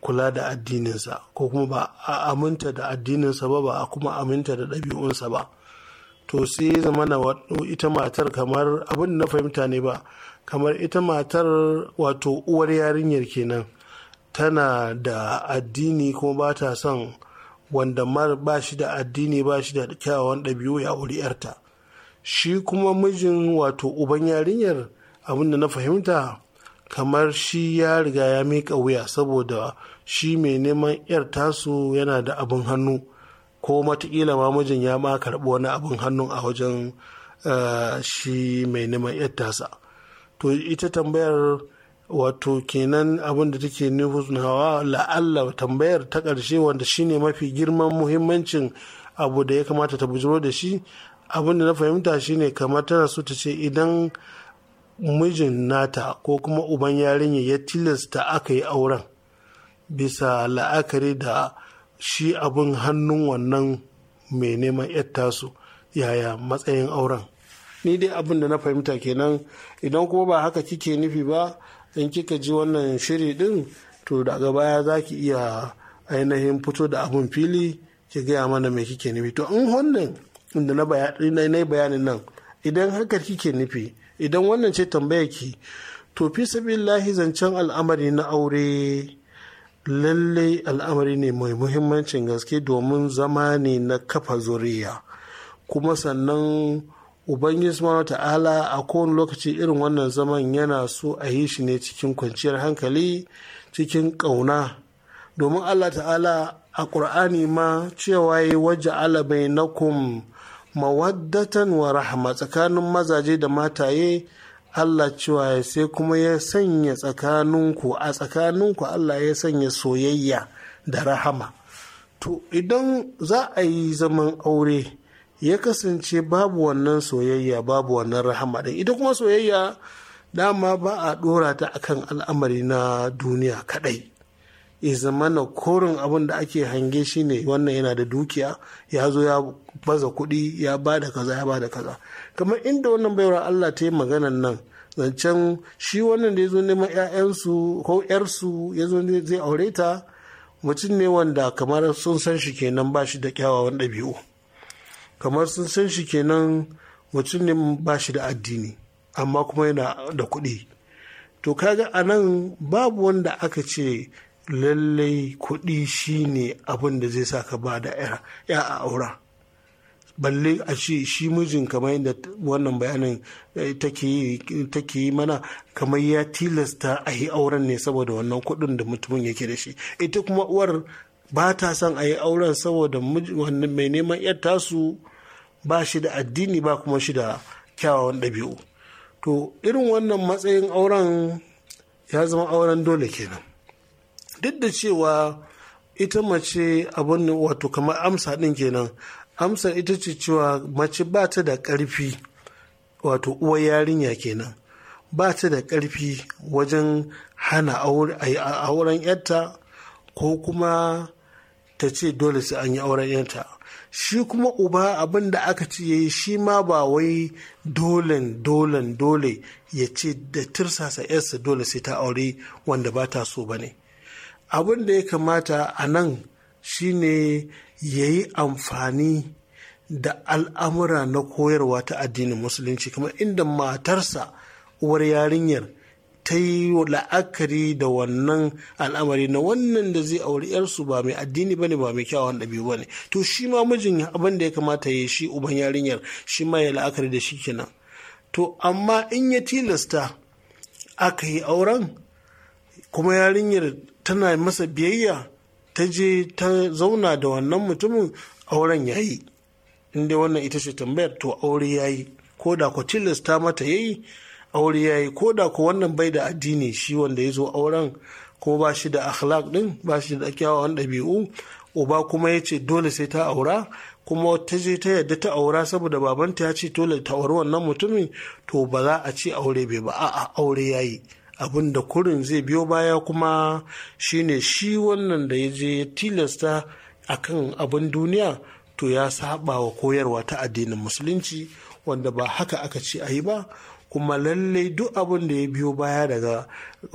kula da addininsa ko kuma ba a aminta da addininsa ba ba a kuma aminta da ɗabi'unsa ba to sai zama na ita matar kamar abin na fahimta ne ba kamar ita matar wato uwar yarinyar kenan tana da addini kuma ba ta son wanda mar ba shi da addini ba shi da kyawawan ɗabi'u ya auri yarta shi kuma mijin wato uban yarinyar abin da na fahimta kamar shi ya riga ya mika wuya saboda shi mai neman yar tasu yana da abin hannu ko matakila ma mijin ya ma karɓi wani abin hannun a wajen eh, shi mai neman yattasa to ita tambayar wato kenan abin da take hawa la'alla tambayar ta ƙarshe wanda shine mafi girman muhimmancin abu da ya kamata ta bujiro da shi abin da na fahimta shine kamar tana so ta ce idan mijin nata ko kuma uban yarinya ya tilasta aka yi auren bisa la'akari da shi abin hannun wannan mai neman tasu yaya matsayin auren ni dai abin da na fahimta kenan idan kuma ba haka kike nufi ba in kika ji wannan shiri din to daga baya za ki iya ainihin fito da abin fili ki gaya mana mai kike nufi to in wannan inda na bayanin nan idan haka kike nufi idan wannan ce tambayar ki to fi sabillahi zancen al'amari na aure lalle al'amari ne mai muhimmancin gaske domin zama ne na kafa zuriya kuma sannan ubangiji subhanahu ta'ala a kowane lokaci irin wannan zaman yana so a yi shi ne cikin kwanciyar hankali cikin ƙauna domin allah ta'ala a ƙur'ani ma cewa ya waje alabai na mawaddatan wa rahama tsakanin mazaje da mataye Allah cewa sai kuma ya sanya tsakaninku a tsakaninku Allah ya sanya soyayya da rahama to idan za a yi zaman aure ya kasance babu wannan soyayya babu wannan rahama ɗin ita kuma soyayya dama ba a ɗora ta akan al'amari na duniya kaɗai ya zamana korin abin da ake hange shi ne wannan yana da dukiya ya zo ya baza kuɗi ya ba da kaza ya ba da kaza kamar inda wannan baiwar allah ta yi maganan nan zancen shi wannan da ya zo neman 'ya'yansu ko 'yarsu ya zo zai aure ta mutum ne wanda kamar sun san shi kenan ba shi da kyawawan ɗabi'u kamar sun san shi kenan mutum ne ba shi da addini amma kuma yana da kuɗi to kaga a nan babu wanda aka ce lallai kuɗi shi ne abin da zai sa ka ba da ya a aura balle a ce shi mijin kamar yadda wannan bayanin eh, take yi mana kamar ya tilasta a yi auren ne saboda wannan kuɗin da mutumin yake da shi ita kuma uwar ba ta son a yi auren saboda mai neman yar tasu ba shi da addini ba kuma shi da kyawawan ɗabi'u to irin wannan matsayin auren ya zama auren dole kenan duk da cewa ita mace abin wato kamar amsa ɗin kenan amsa ita ce cewa mace ba ta da ƙarfi wato uwar yarinya kenan ba ta da ƙarfi wajen hana auren yarta ko kuma ta ce dole sai an yi auren yarta shi kuma uba abin da aka ce yi shi ma ba wai dole dolen dole ya ce da tirsasa yarsa dole sai ta aure wanda ba ta so ba ne abin da ya kamata a nan shi ne ya yi amfani da al'amura na koyarwa ta addinin musulunci kamar inda matarsa uwar yarinyar ta yi la'akari da wannan al'amari na wannan da zai auri yarsu ba mai addini bane ba mai kyawun ɗabi'u bane to shi ma mijin abin da ya kamata ya shi uban yarinyar shi ma ya la'akari da shi kenan to amma in ya tilasta aka yi auren kuma yarinyar tana masa biyayya ta je ta zauna da wannan mutumin auren ya yi inda wannan ita ce tambayar to aure ya yi ko da ku tilasta mata ya yi aure ya yi ko da ku wannan bai da addini shi wanda ya zo auren Ko ba shi da akhlaq din ba shi da kyawawan ɗabi'u uba kuma ya ce dole sai ta aura kuma ta je ta yarda ta aura saboda babanta ya ce dole ta auri wannan mutumin to ba za a ce aure bai ba a'a aure ya yi abin da kurin zai biyo baya kuma shine shi wannan da ya je tilasta a kan abin duniya to ya saba wa koyarwa ta addinin musulunci wanda ba haka aka ce a yi ba kuma lallai duk abin da ya biyo baya daga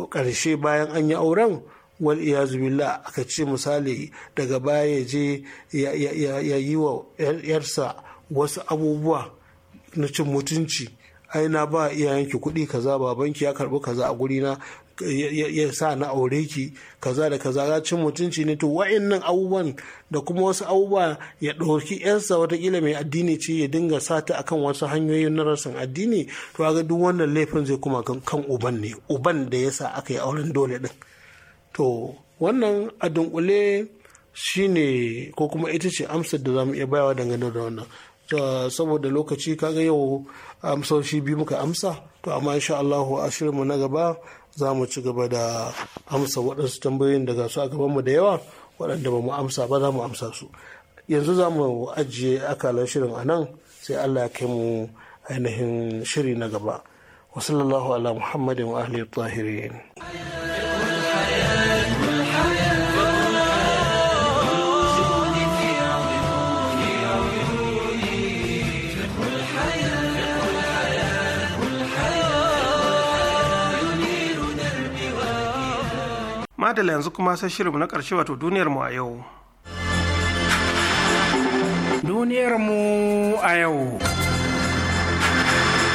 ƙarshe bayan an yi auren wal iyazu billah aka ce misali daga baya je ya yi wa yarsa wasu abubuwa na cin mutunci ai na ba iyayenki kuɗi kaza babanki ya karɓi kaza a na ya sa na aure ki kaza da kaza ya cin mutunci ne to wa'annan abubuwan da kuma wasu abubuwa ya ɗauki wata watakila mai addini ce ya dinga sata akan wasu hanyoyin na rasin addini to ga duk wannan laifin zai kuma kan uban ne uban da ya sa aka yi auren dole din to wannan a dunkule shi ne ko kuma ita ce amsar da za mu iya bayawa dangane da wannan saboda lokaci kaga yau amsoshi biyu muka amsa to amma insha Allahu a shirinmu na gaba za mu ci gaba da amsa waɗansu tambayoyin daga su a gabanmu da yawa waɗanda ba mu amsa ba za mu amsa su yanzu za mu ajiye akalan shirin a nan sai Allah ya kai mu ainihin shiri na gaba wasu ala muhammadin wa ahli tahirin
madala yanzu kuma sai shirinmu na ƙarshe wato duniyarmu a yau
duniyarmu a yau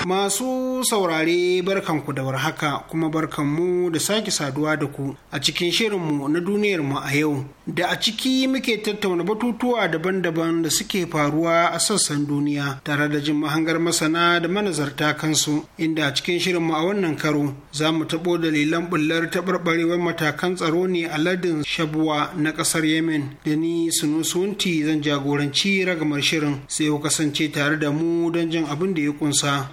Masu saurare barkanku da warhaka kuma barkanmu da sake saduwa da ku a cikin shirinmu na duniyarmu a yau da a ciki muke tattauna batutuwa daban-daban da suke faruwa a sassan duniya tare da jin mahangar masana da manazarta kansu inda a cikin shirinmu a wannan karo za mu taɓo dalilan bullar taɓarɓarewar matakan tsaro ne a lardin shabuwa na ƙasar yemen da ni sunusunti zan jagoranci ragamar shirin sai ku kasance tare da mu don jin abin da ya kunsa.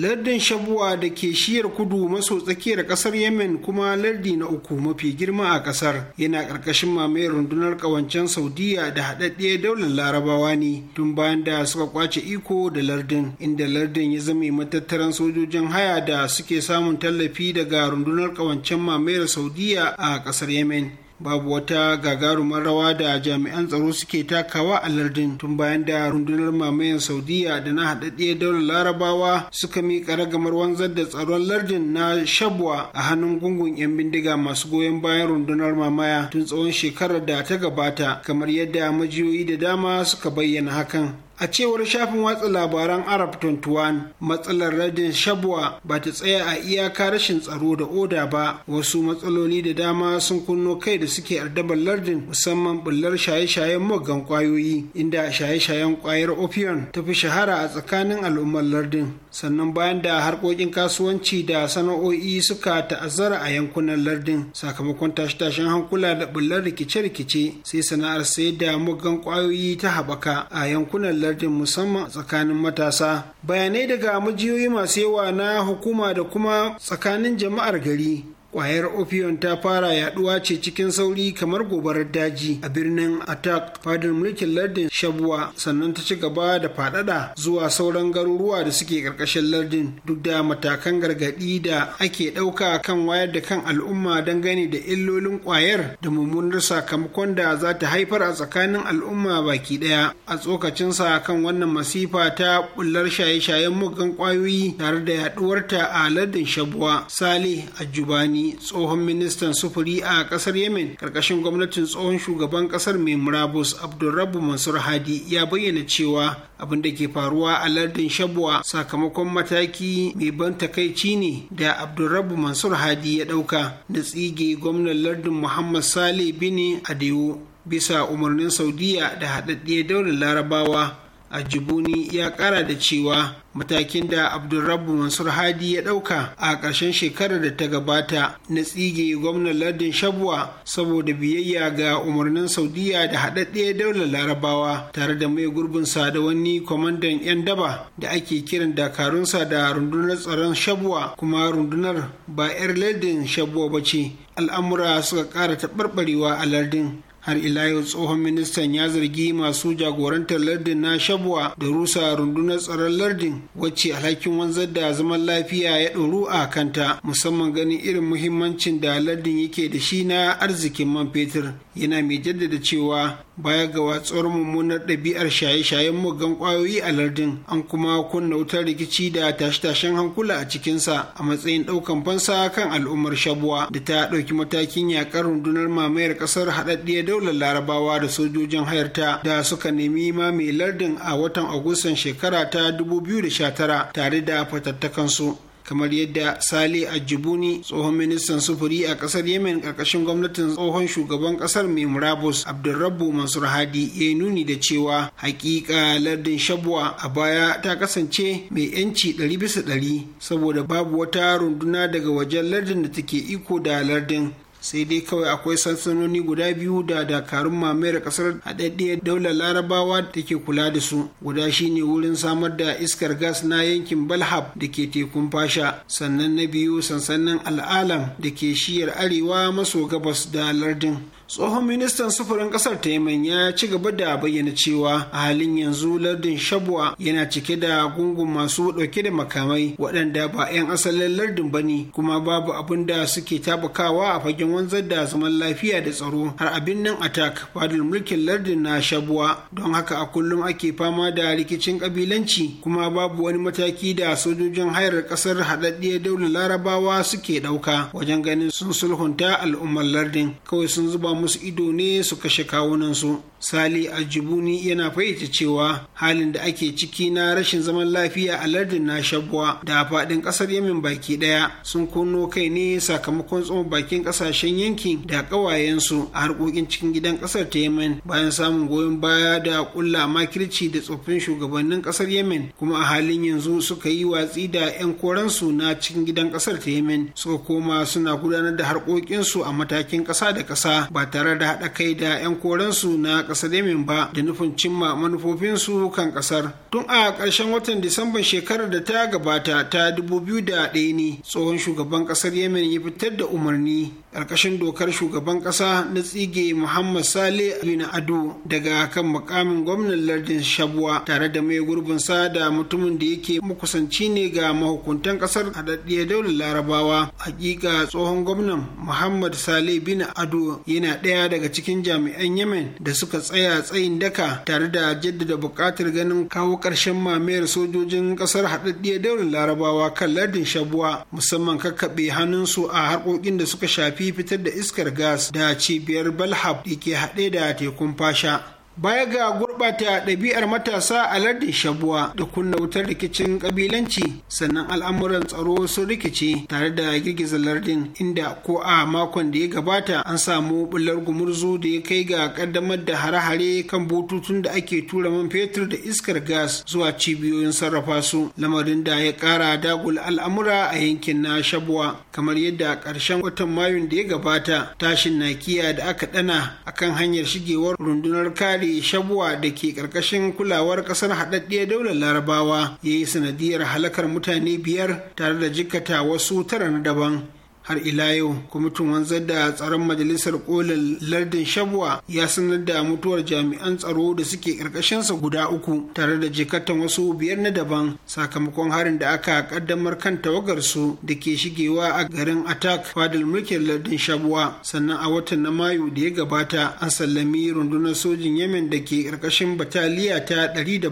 lardin shabuwa da ke shiyar kudu maso tsakiyar kasar yemen kuma lardi na uku mafi girma a kasar yana ƙarƙashin mamayar rundunar ƙawancen saudiya da haɗaɗɗiyar daular larabawa ne tun bayan da suka kwace iko da lardin inda lardin ya zame matattaran sojojin haya da suke samun tallafi daga rundunar ƙawancen mamayar saudiya a kasar yemen babu wata gagarumar rawa da jami'an tsaro suke takawa a lardin tun bayan da rundunar mamayan saudiya da na haɗaɗɗiyar daular larabawa suka miƙa ragamar wanzar da tsaron lardin na shabwa a hannun gungun 'yan bindiga masu goyon bayan rundunar mamaya tun tsawon shekarar da ta gabata kamar yadda majiyoyi da dama suka bayyana hakan A cewar shafin watsa labaran Arab 21, matsalar radin shabwa ba ta tsaya a iyaka rashin tsaro da oda ba, wasu matsaloli da dama sun kunno kai da suke ardabar lardin musamman bullar shaye-shayen muggan kwayoyi, inda shaye-shayen kwayar opium ta fi shahara a tsakanin al'ummar lardin. Sannan bayan da harkokin kasuwanci da sana'o'i suka ta'azzara a yankunan lardin sakamakon tashe-tashen hankula da bullar rikice-rikice sai sana'ar sayar da muggan kwayoyi ta haɓaka a yankunan lardin. dajin musamman tsakanin matasa bayanai daga majiyoyi masu yawa na hukuma da kuma tsakanin jama'ar gari kwayar opium ta fara yaduwa ce cikin sauri kamar gobarar daji a birnin attack fadin mulkin lardin shabuwa sannan ta ci gaba da fadada zuwa sauran garuruwa da suke karkashin lardin duk da matakan gargadi da ake dauka kan wayar da kan al'umma gani da illolin kwayar da mummunar sakamakon da za ta haifar a tsakanin al'umma baki daya a tsokacin sa kan wannan masifa ta bullar shaye-shayen muggan kwayoyi tare da yaduwarta a lardin shabuwa sale a Jubani. Salami tsohon ministan sufuri a kasar Yemen karkashin gwamnatin tsohon shugaban kasar mai murabus Abdulrabu Mansur Hadi ya bayyana cewa abin da ke faruwa a lardin Shabwa sakamakon mataki mai ban takaici ne da Abdulrabu Mansur Hadi ya dauka da tsige gwamnan lardin Muhammad Saleh Bini Adewo bisa umarnin Saudiya da haɗaɗɗiyar daular Larabawa a jibuni ya kara da cewa matakin da abdulrabu mansur hadi ya ɗauka a ƙarshen shekarar da ta gabata na tsige gwamnan lardin shabwa saboda biyayya ga umarnin saudiya da haɗaɗɗe daular larabawa tare da mai gurbinsa da wani kwamandan 'yan daba da ake kiran dakarunsa da rundunar tsaron shabwa kuma rundunar ba 'yar lardin shabwa ba ce al'amura suka ƙara taɓarɓarewa a lardin har ila yau tsohon ministan ya zargi masu jagorantar lardin na shabwa da rusa rundunar tsaron lardin wacce alhakin wanzar da zaman lafiya ya ɗoru a kanta musamman ganin irin muhimmancin da lardin yake da shi na arzikin man fetur yana mai jaddada cewa baya ga watsuwar mummunar ɗabi'ar shaye-shayen mugan ƙwayoyi a lardin an kuma kunna wutar rikici da tashe-tashen hankula a cikinsa a matsayin ɗaukan fansa kan al'ummar shabuwa da ta ɗauki matakin yaƙar rundunar mamayar ƙasar haɗaɗɗiyar daular larabawa da sojojin hayarta da suka nemi mai lardin a watan agustan shekara ta 2019 tare da fatattakansu. kamar yadda sale ajibuni tsohon ministan sufuri a kasar yemen karkashin gwamnatin tsohon shugaban kasar mai murabus abdulrabu mansur hadi ya yi nuni da cewa hakika lardin shabwa a baya ta kasance mai yanci ɗari bisa ɗari saboda babu wata runduna daga wajen lardin da take iko da lardin sai dai kawai akwai sansanoni guda biyu da dakarun mamayar kasar haɗaɗɗiyar daular larabawa da ke kula da su guda shine wurin samar da iskar gas na yankin balhab da ke tekun fasha sannan na biyu sansanin al'alam da ke shiyar arewa maso gabas da lardin tsohon ministan sufurin kasar taiman ya ci gaba da bayyana cewa a halin yanzu lardin shabwa yana cike da gungun masu dauke da makamai waɗanda ba 'yan asalin lardin ba ne kuma babu abin da suke tabakawa a fagen wanzar da zaman lafiya da tsaro har abin nan attack fadil mulkin lardin na shabwa don haka a kullum ake fama da rikicin kabilanci kuma babu wani mataki da sojojin hayar kasar haɗaɗɗiyar daular larabawa suke ɗauka wajen ganin sun sulhunta al'ummar lardin kawai sun zuba musu ido ne su kashe kawunansu sali a aljibuni yana fayyace cewa halin da ake ciki na rashin zaman lafiya a lardin na shabwa da faɗin ƙasar yamin baki ɗaya sun kunno kai ne sakamakon tsoma bakin ƙasashen yankin da ƙawayensu a harkokin cikin gidan ƙasar ta yemen bayan samun goyon baya da ƙulla makirci da tsoffin shugabannin ƙasar yemen kuma a halin yanzu suka yi watsi da 'yan koransu na cikin gidan ƙasar ta yemen suka koma suna gudanar da harkokinsu a matakin ƙasa da ƙasa ba tare da haɗa kai da 'yan koransu na ƙasar yemen ba da nufin cimma manufofinsu kan ƙasar tun a ƙarshen watan disamban shekarar da ta gabata ta da 2001 ne tsohon shugaban ƙasar yemen ya fitar da umarni ƙarƙashin dokar shugaban ƙasa na tsige muhammad sale bin ado daga kan mukamin gwamnan lardin shabuwa tare da mai gurbinsa da mutumin da yake makusanci ne ga mahukuntan ƙasar haɗaɗɗiyar daular larabawa hakika tsohon gwamnan muhammad sale bin ado yana ɗaya daga cikin jami'an yemen da suka a tsaya tsayin daka tare da jaddada buƙatar ganin kawo ƙarshen mamayar sojojin ƙasar haɗaɗɗiya daurin larabawa kan lardin shabuwa musamman kakkaɓe hannunsu a harkokin da suka shafi fitar da iskar gas da cibiyar balhab da ke haɗe da tekun fasha baya ga gurɓata ɗabi'ar matasa a lardin shabuwa da kunna wutar rikicin ƙabilanci sannan al'amuran tsaro sun rikice tare da girgiza lardin inda ko a makon da ya gabata an samu bular gumurzu da ya kai ga ƙaddamar da hare-hare kan bututun da ake tura man fetur da iskar gas zuwa cibiyoyin sarrafa su lamarin da ya ƙara dagul al'amura a yankin na shabuwa kamar yadda ƙarshen watan mayun da ya gabata tashin nakiya da aka ɗana akan hanyar shigewar rundunar kare jari shabuwa da ke ƙarƙashin kulawar ƙasar haɗaɗɗiyar daular larabawa ya yi sanadiyar halakar mutane biyar tare da jikata wasu tara na daban har ila yau kwamitin wanzar da tsaron majalisar kolin lardin shabwa ya sanar da mutuwar jami'an tsaro da suke karkashinsa guda uku tare da jikatan wasu biyar na daban sakamakon harin da aka ƙaddamar kan tawagarsu da ke shigewa a garin attack fadil mulkin lardin shabwa sannan a watan na mayu da ya gabata an sallami rundunar sojin yemen da ke karkashin bataliya ta 107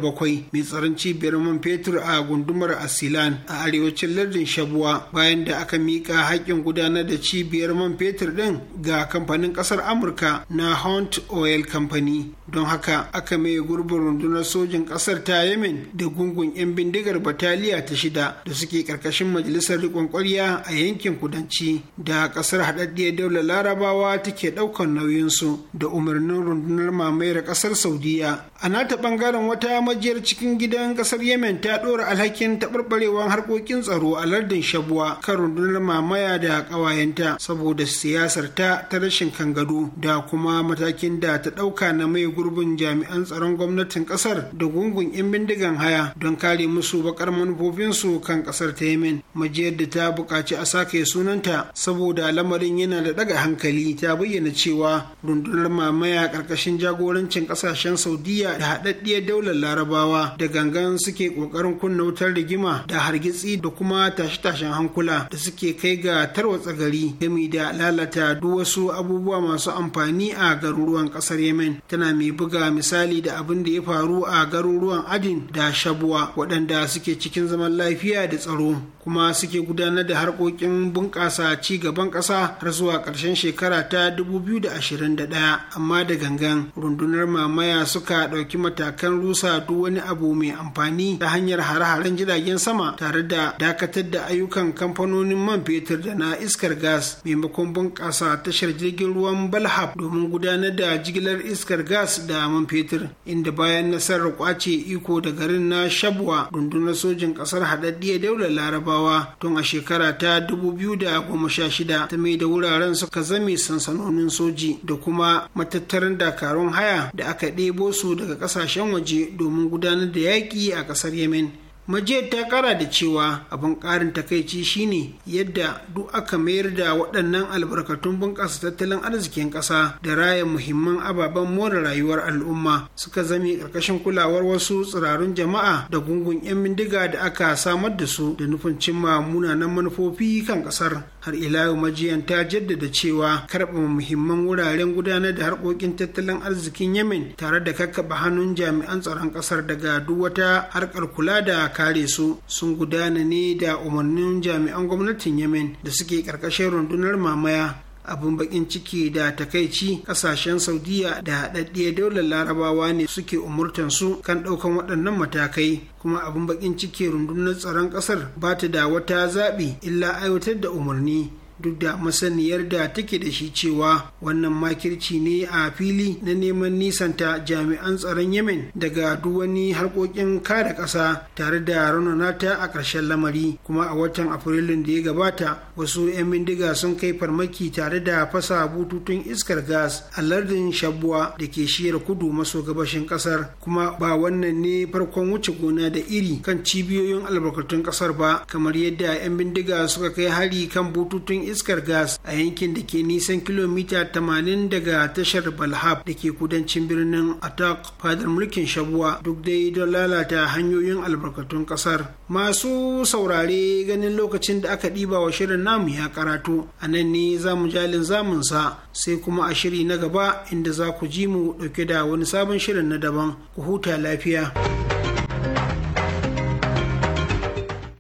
mai tsaron cibiyar man fetur a gundumar asilan a arewacin lardin shabuwa bayan da aka miƙa haƙƙin gudanar da cibiyar man fetur din ga kamfanin kasar amurka na hunt oil company don haka aka mai gurbin rundunar sojin ƙasar ta yemen da gungun 'yan bindigar bataliya ta shida da suke karkashin majalisar riƙon ƙwarya a yankin kudanci da ƙasar haɗaɗɗiyar daular larabawa take ɗaukar nauyinsu da umarnin rundunar mamayar ƙasar saudiya a nata ɓangaren wata majiyar cikin gidan ƙasar yemen ta ɗora alhakin taɓarɓarewar harkokin tsaro a lardin shabuwa kan rundunar mamaya da ƙawayenta saboda siyasar ta ta rashin kan gado da kuma matakin da ta ɗauka na mai gurbin jami'an tsaron gwamnatin kasar da gungun 'yan bindigan haya don kare musu bakar manufofinsu kan kasar ta yemen majiyar da ta buƙaci a sake sunanta saboda lamarin yana da daga hankali ta bayyana cewa rundunar mamaya ƙarƙashin jagorancin ƙasashen saudiya da haɗaɗɗiyar daular larabawa da gangan suke ƙoƙarin kunna wutar rigima da hargitsi da kuma tashe-tashen hankula da suke kai ga tarwatsa gari gami da lalata duk wasu abubuwa masu amfani a garuruwan ƙasar yemen tana mai buga misali da abin da ya faru a garuruwan adin da shabuwa waɗanda suke cikin zaman lafiya da tsaro kuma suke gudanar da harkokin bunƙasa ci gaban ƙasa har zuwa ƙarshen shekara ta 2021 amma da gangan rundunar mamaya suka ɗauki matakan rusa duk wani abu mai amfani ta hanyar hare-haren jiragen sama tare da dakatar da ayyukan kamfanonin man fetur da na iskar gas maimakon bunƙasa tashar jirgin ruwan balhab domin gudanar da jigilar iskar gas da man fetur inda bayan nasarar kwace iko da garin na shabwa rundunar sojin ƙasar haɗaɗɗiya daular larabawa larabawa tun a shekara ta 2016 ta mai da wuraren suka zame sansanonin soji da kuma matattarin dakarun haya da aka ɗebo su daga ƙasashen waje domin gudanar da yaƙi a ƙasar yemen majiyar ta kara da cewa abin karin takaici shine yadda duk aka mayar da waɗannan albarkatun bunƙasa tattalin arzikin ƙasa da raya muhimman ababen more rayuwar al'umma suka zame ƙarƙashin kulawar wasu tsirarun jama'a da gungun 'yan bindiga da aka samar da su da nufin cimma munanan manufofi kan ƙasar har ila majiyan ta jaddada cewa karɓa muhimman wuraren gudanar da harkokin tattalin arzikin yemen tare da kakkaba hannun jami'an tsaron ƙasar daga duk wata harkar kula da kare su sun gudana ne da umarnin jami'an gwamnatin yemen da suke ƙarƙashin rundunar mamaya abin bakin ciki da takaici kasashen saudiya da haɗaɗɗiyar daular larabawa ne suke umurtan su kan ɗaukan waɗannan matakai kuma abin bakin ciki rundunar tsaron ƙasar ba ta da wata zaɓi illa aiwatar da umarni duk da masaniyar da take da shi cewa wannan makirci ne a fili na neman nisanta jami'an tsaron yemen daga duk wani harkokin kada ƙasa tare da ta a ƙarshen lamari kuma a watan afrilun da ya gabata wasu 'yan bindiga sun kai farmaki tare da fasa bututun iskar gas a lardin shabuwa da ke shiyar kudu maso gabashin ƙasar kuma ba wannan ne farkon wuce gona da iri kan cibiyoyin albarkatun ƙasar ba kamar yadda 'yan bindiga suka kai hari kan bututun iskar gas a yankin da ke nisan kilomita 80 daga tashar balhab da ke kudancin birnin atak fadar mulkin shabuwa duk dai don lalata hanyoyin albarkatun kasar masu saurare ganin lokacin da aka ɗiba wa shirin namu ya karatu a nan ne za mu jalin zamunsa sai kuma a shiri na gaba inda za ku ji mu ɗauke da wani sabon shirin na daban ku huta lafiya.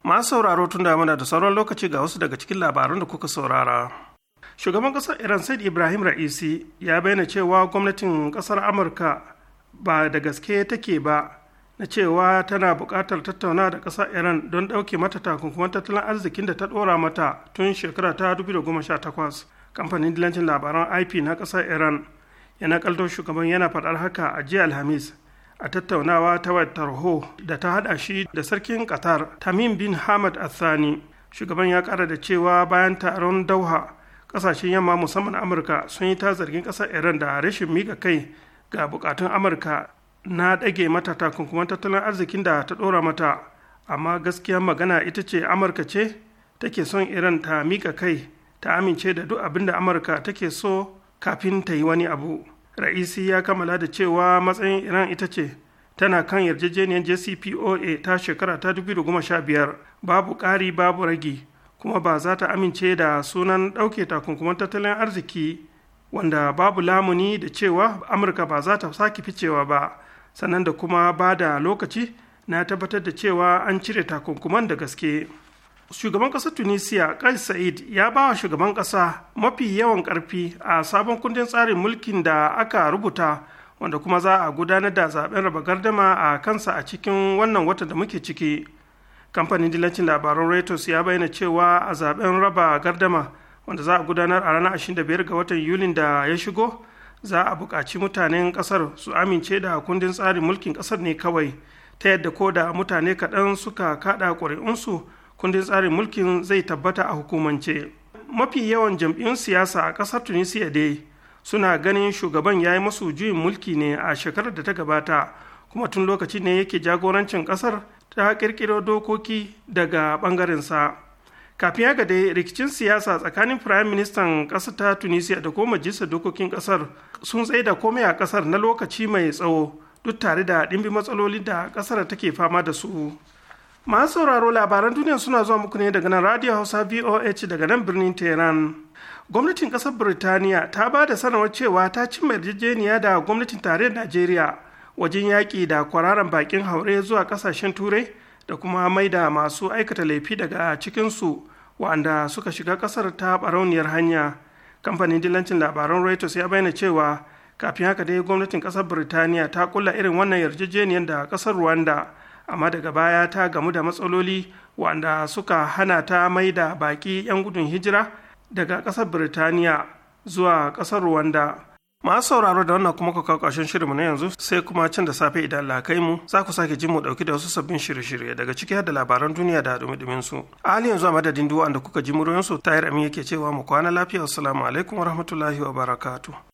masu sauraro tun da muna da sauran lokaci
ga wasu daga cikin labaran da kuka saurara shugaban ƙasar iran said ibrahim ra'isi ya bayyana cewa gwamnatin ƙasar amurka ba da gaske take ba na cewa tana buƙatar tattauna da ƙasar iran don ɗauke mata takunkuman tattalin arzikin da ta ɗora mata tun shekara ta 2018 kamfanin dilancin labaran ip na ƙasar iran ya nakalto shugaban yana faɗar haka a jiya alhamis a tattaunawa ta wayar da ta hada shi da sarkin qatar tamim bin hamad athani shugaban ya kara da cewa bayan taron dauha kasashen yamma musamman amurka sun yi ta zargin kasar iran da rashin mika kai ga bukatun amurka na dage mata takunkuman tattalin arzikin da ta ɗora mata amma gaskiya magana ita ce amurka ce take son iran ta mika kai ta amince da duk abin da amurka take so kafin ta yi wani abu ra'isi ya kammala da cewa matsayin iran ita ce tana kan yarjejeniyar jcpoa ta shekara ta 2015 babu ƙari babu ragi kuma ba za ta amince da sunan ɗauke takunkuman tattalin arziki wanda babu lamuni da cewa amurka ba za ta sake ficewa ba sannan da kuma ba da lokaci na tabbatar da cewa an cire takunkuman da gaske. shugaban ƙasar tunisia kai sa'id ya ba wa shugaban ƙasa mafi yawan ƙarfi a sabon kundin tsarin mulkin da aka rubuta wanda kuma za a gudanar da zaben raba gardama a kansa a cikin wannan watan da muke ciki kamfanin dilancin labaran reuters ya bayyana cewa a zaben raba gardama wanda za a gudanar a ranar 25 ga watan yulin da ya shigo za a buƙaci mutanen ƙasar su amince da kundin tsarin mulkin ƙasar ne kawai ta yadda ko da mutane kaɗan suka kaɗa ƙuri'unsu kundin tsarin mulkin zai tabbata a hukumance mafi yawan jam'iyyun siyasa a ƙasar tunisia dai suna ganin shugaban ya yi masu juyin mulki ne a shekarar da ta gabata kuma tun lokaci ne yake jagorancin ƙasar ta ƙirƙiro dokoki daga ɓangarensa kafin haka dai rikicin siyasa tsakanin firayim ministan ƙasar ta tunisia da kuma majalisar dokokin ƙasar sun tsaye da komai a ƙasar na lokaci mai tsawo duk tare da ɗimbi matsaloli da ƙasar take fama da su masu sauraro labaran duniya suna zuwa muku ne daga nan radio hausa voh daga nan birnin tehran gwamnatin kasar birtaniya ta ba da sanarwar cewa ta cimma yarjejeniya da gwamnatin tarayyar najeriya wajen yaƙi da kwararan bakin haure zuwa kasashen turai da kuma mai da masu aikata laifi daga cikinsu wa'anda suka shiga ƙasar ta barauniyar hanya kamfanin dillancin labaran reuters ya bayyana cewa kafin haka dai gwamnatin ƙasar birtaniya ta kulla irin wannan yarjejeniyar da ƙasar rwanda amma daga baya ta gamu da matsaloli wanda suka hana ta mai da baƙi 'yan gudun hijira daga ƙasar birtaniya zuwa ƙasar rwanda masu sauraro da wannan kuma kawo ƙarshen shirinmu na yanzu sai kuma can da safe idan lakai mu za ku sake jin mu ɗauki da wasu sabbin shirye-shirye daga ciki da labaran duniya da dumi su a hali yanzu a madadin duwa da kuka ji ta yi amin yake cewa mu kwana lafiya assalamu alaikum wa barakatu.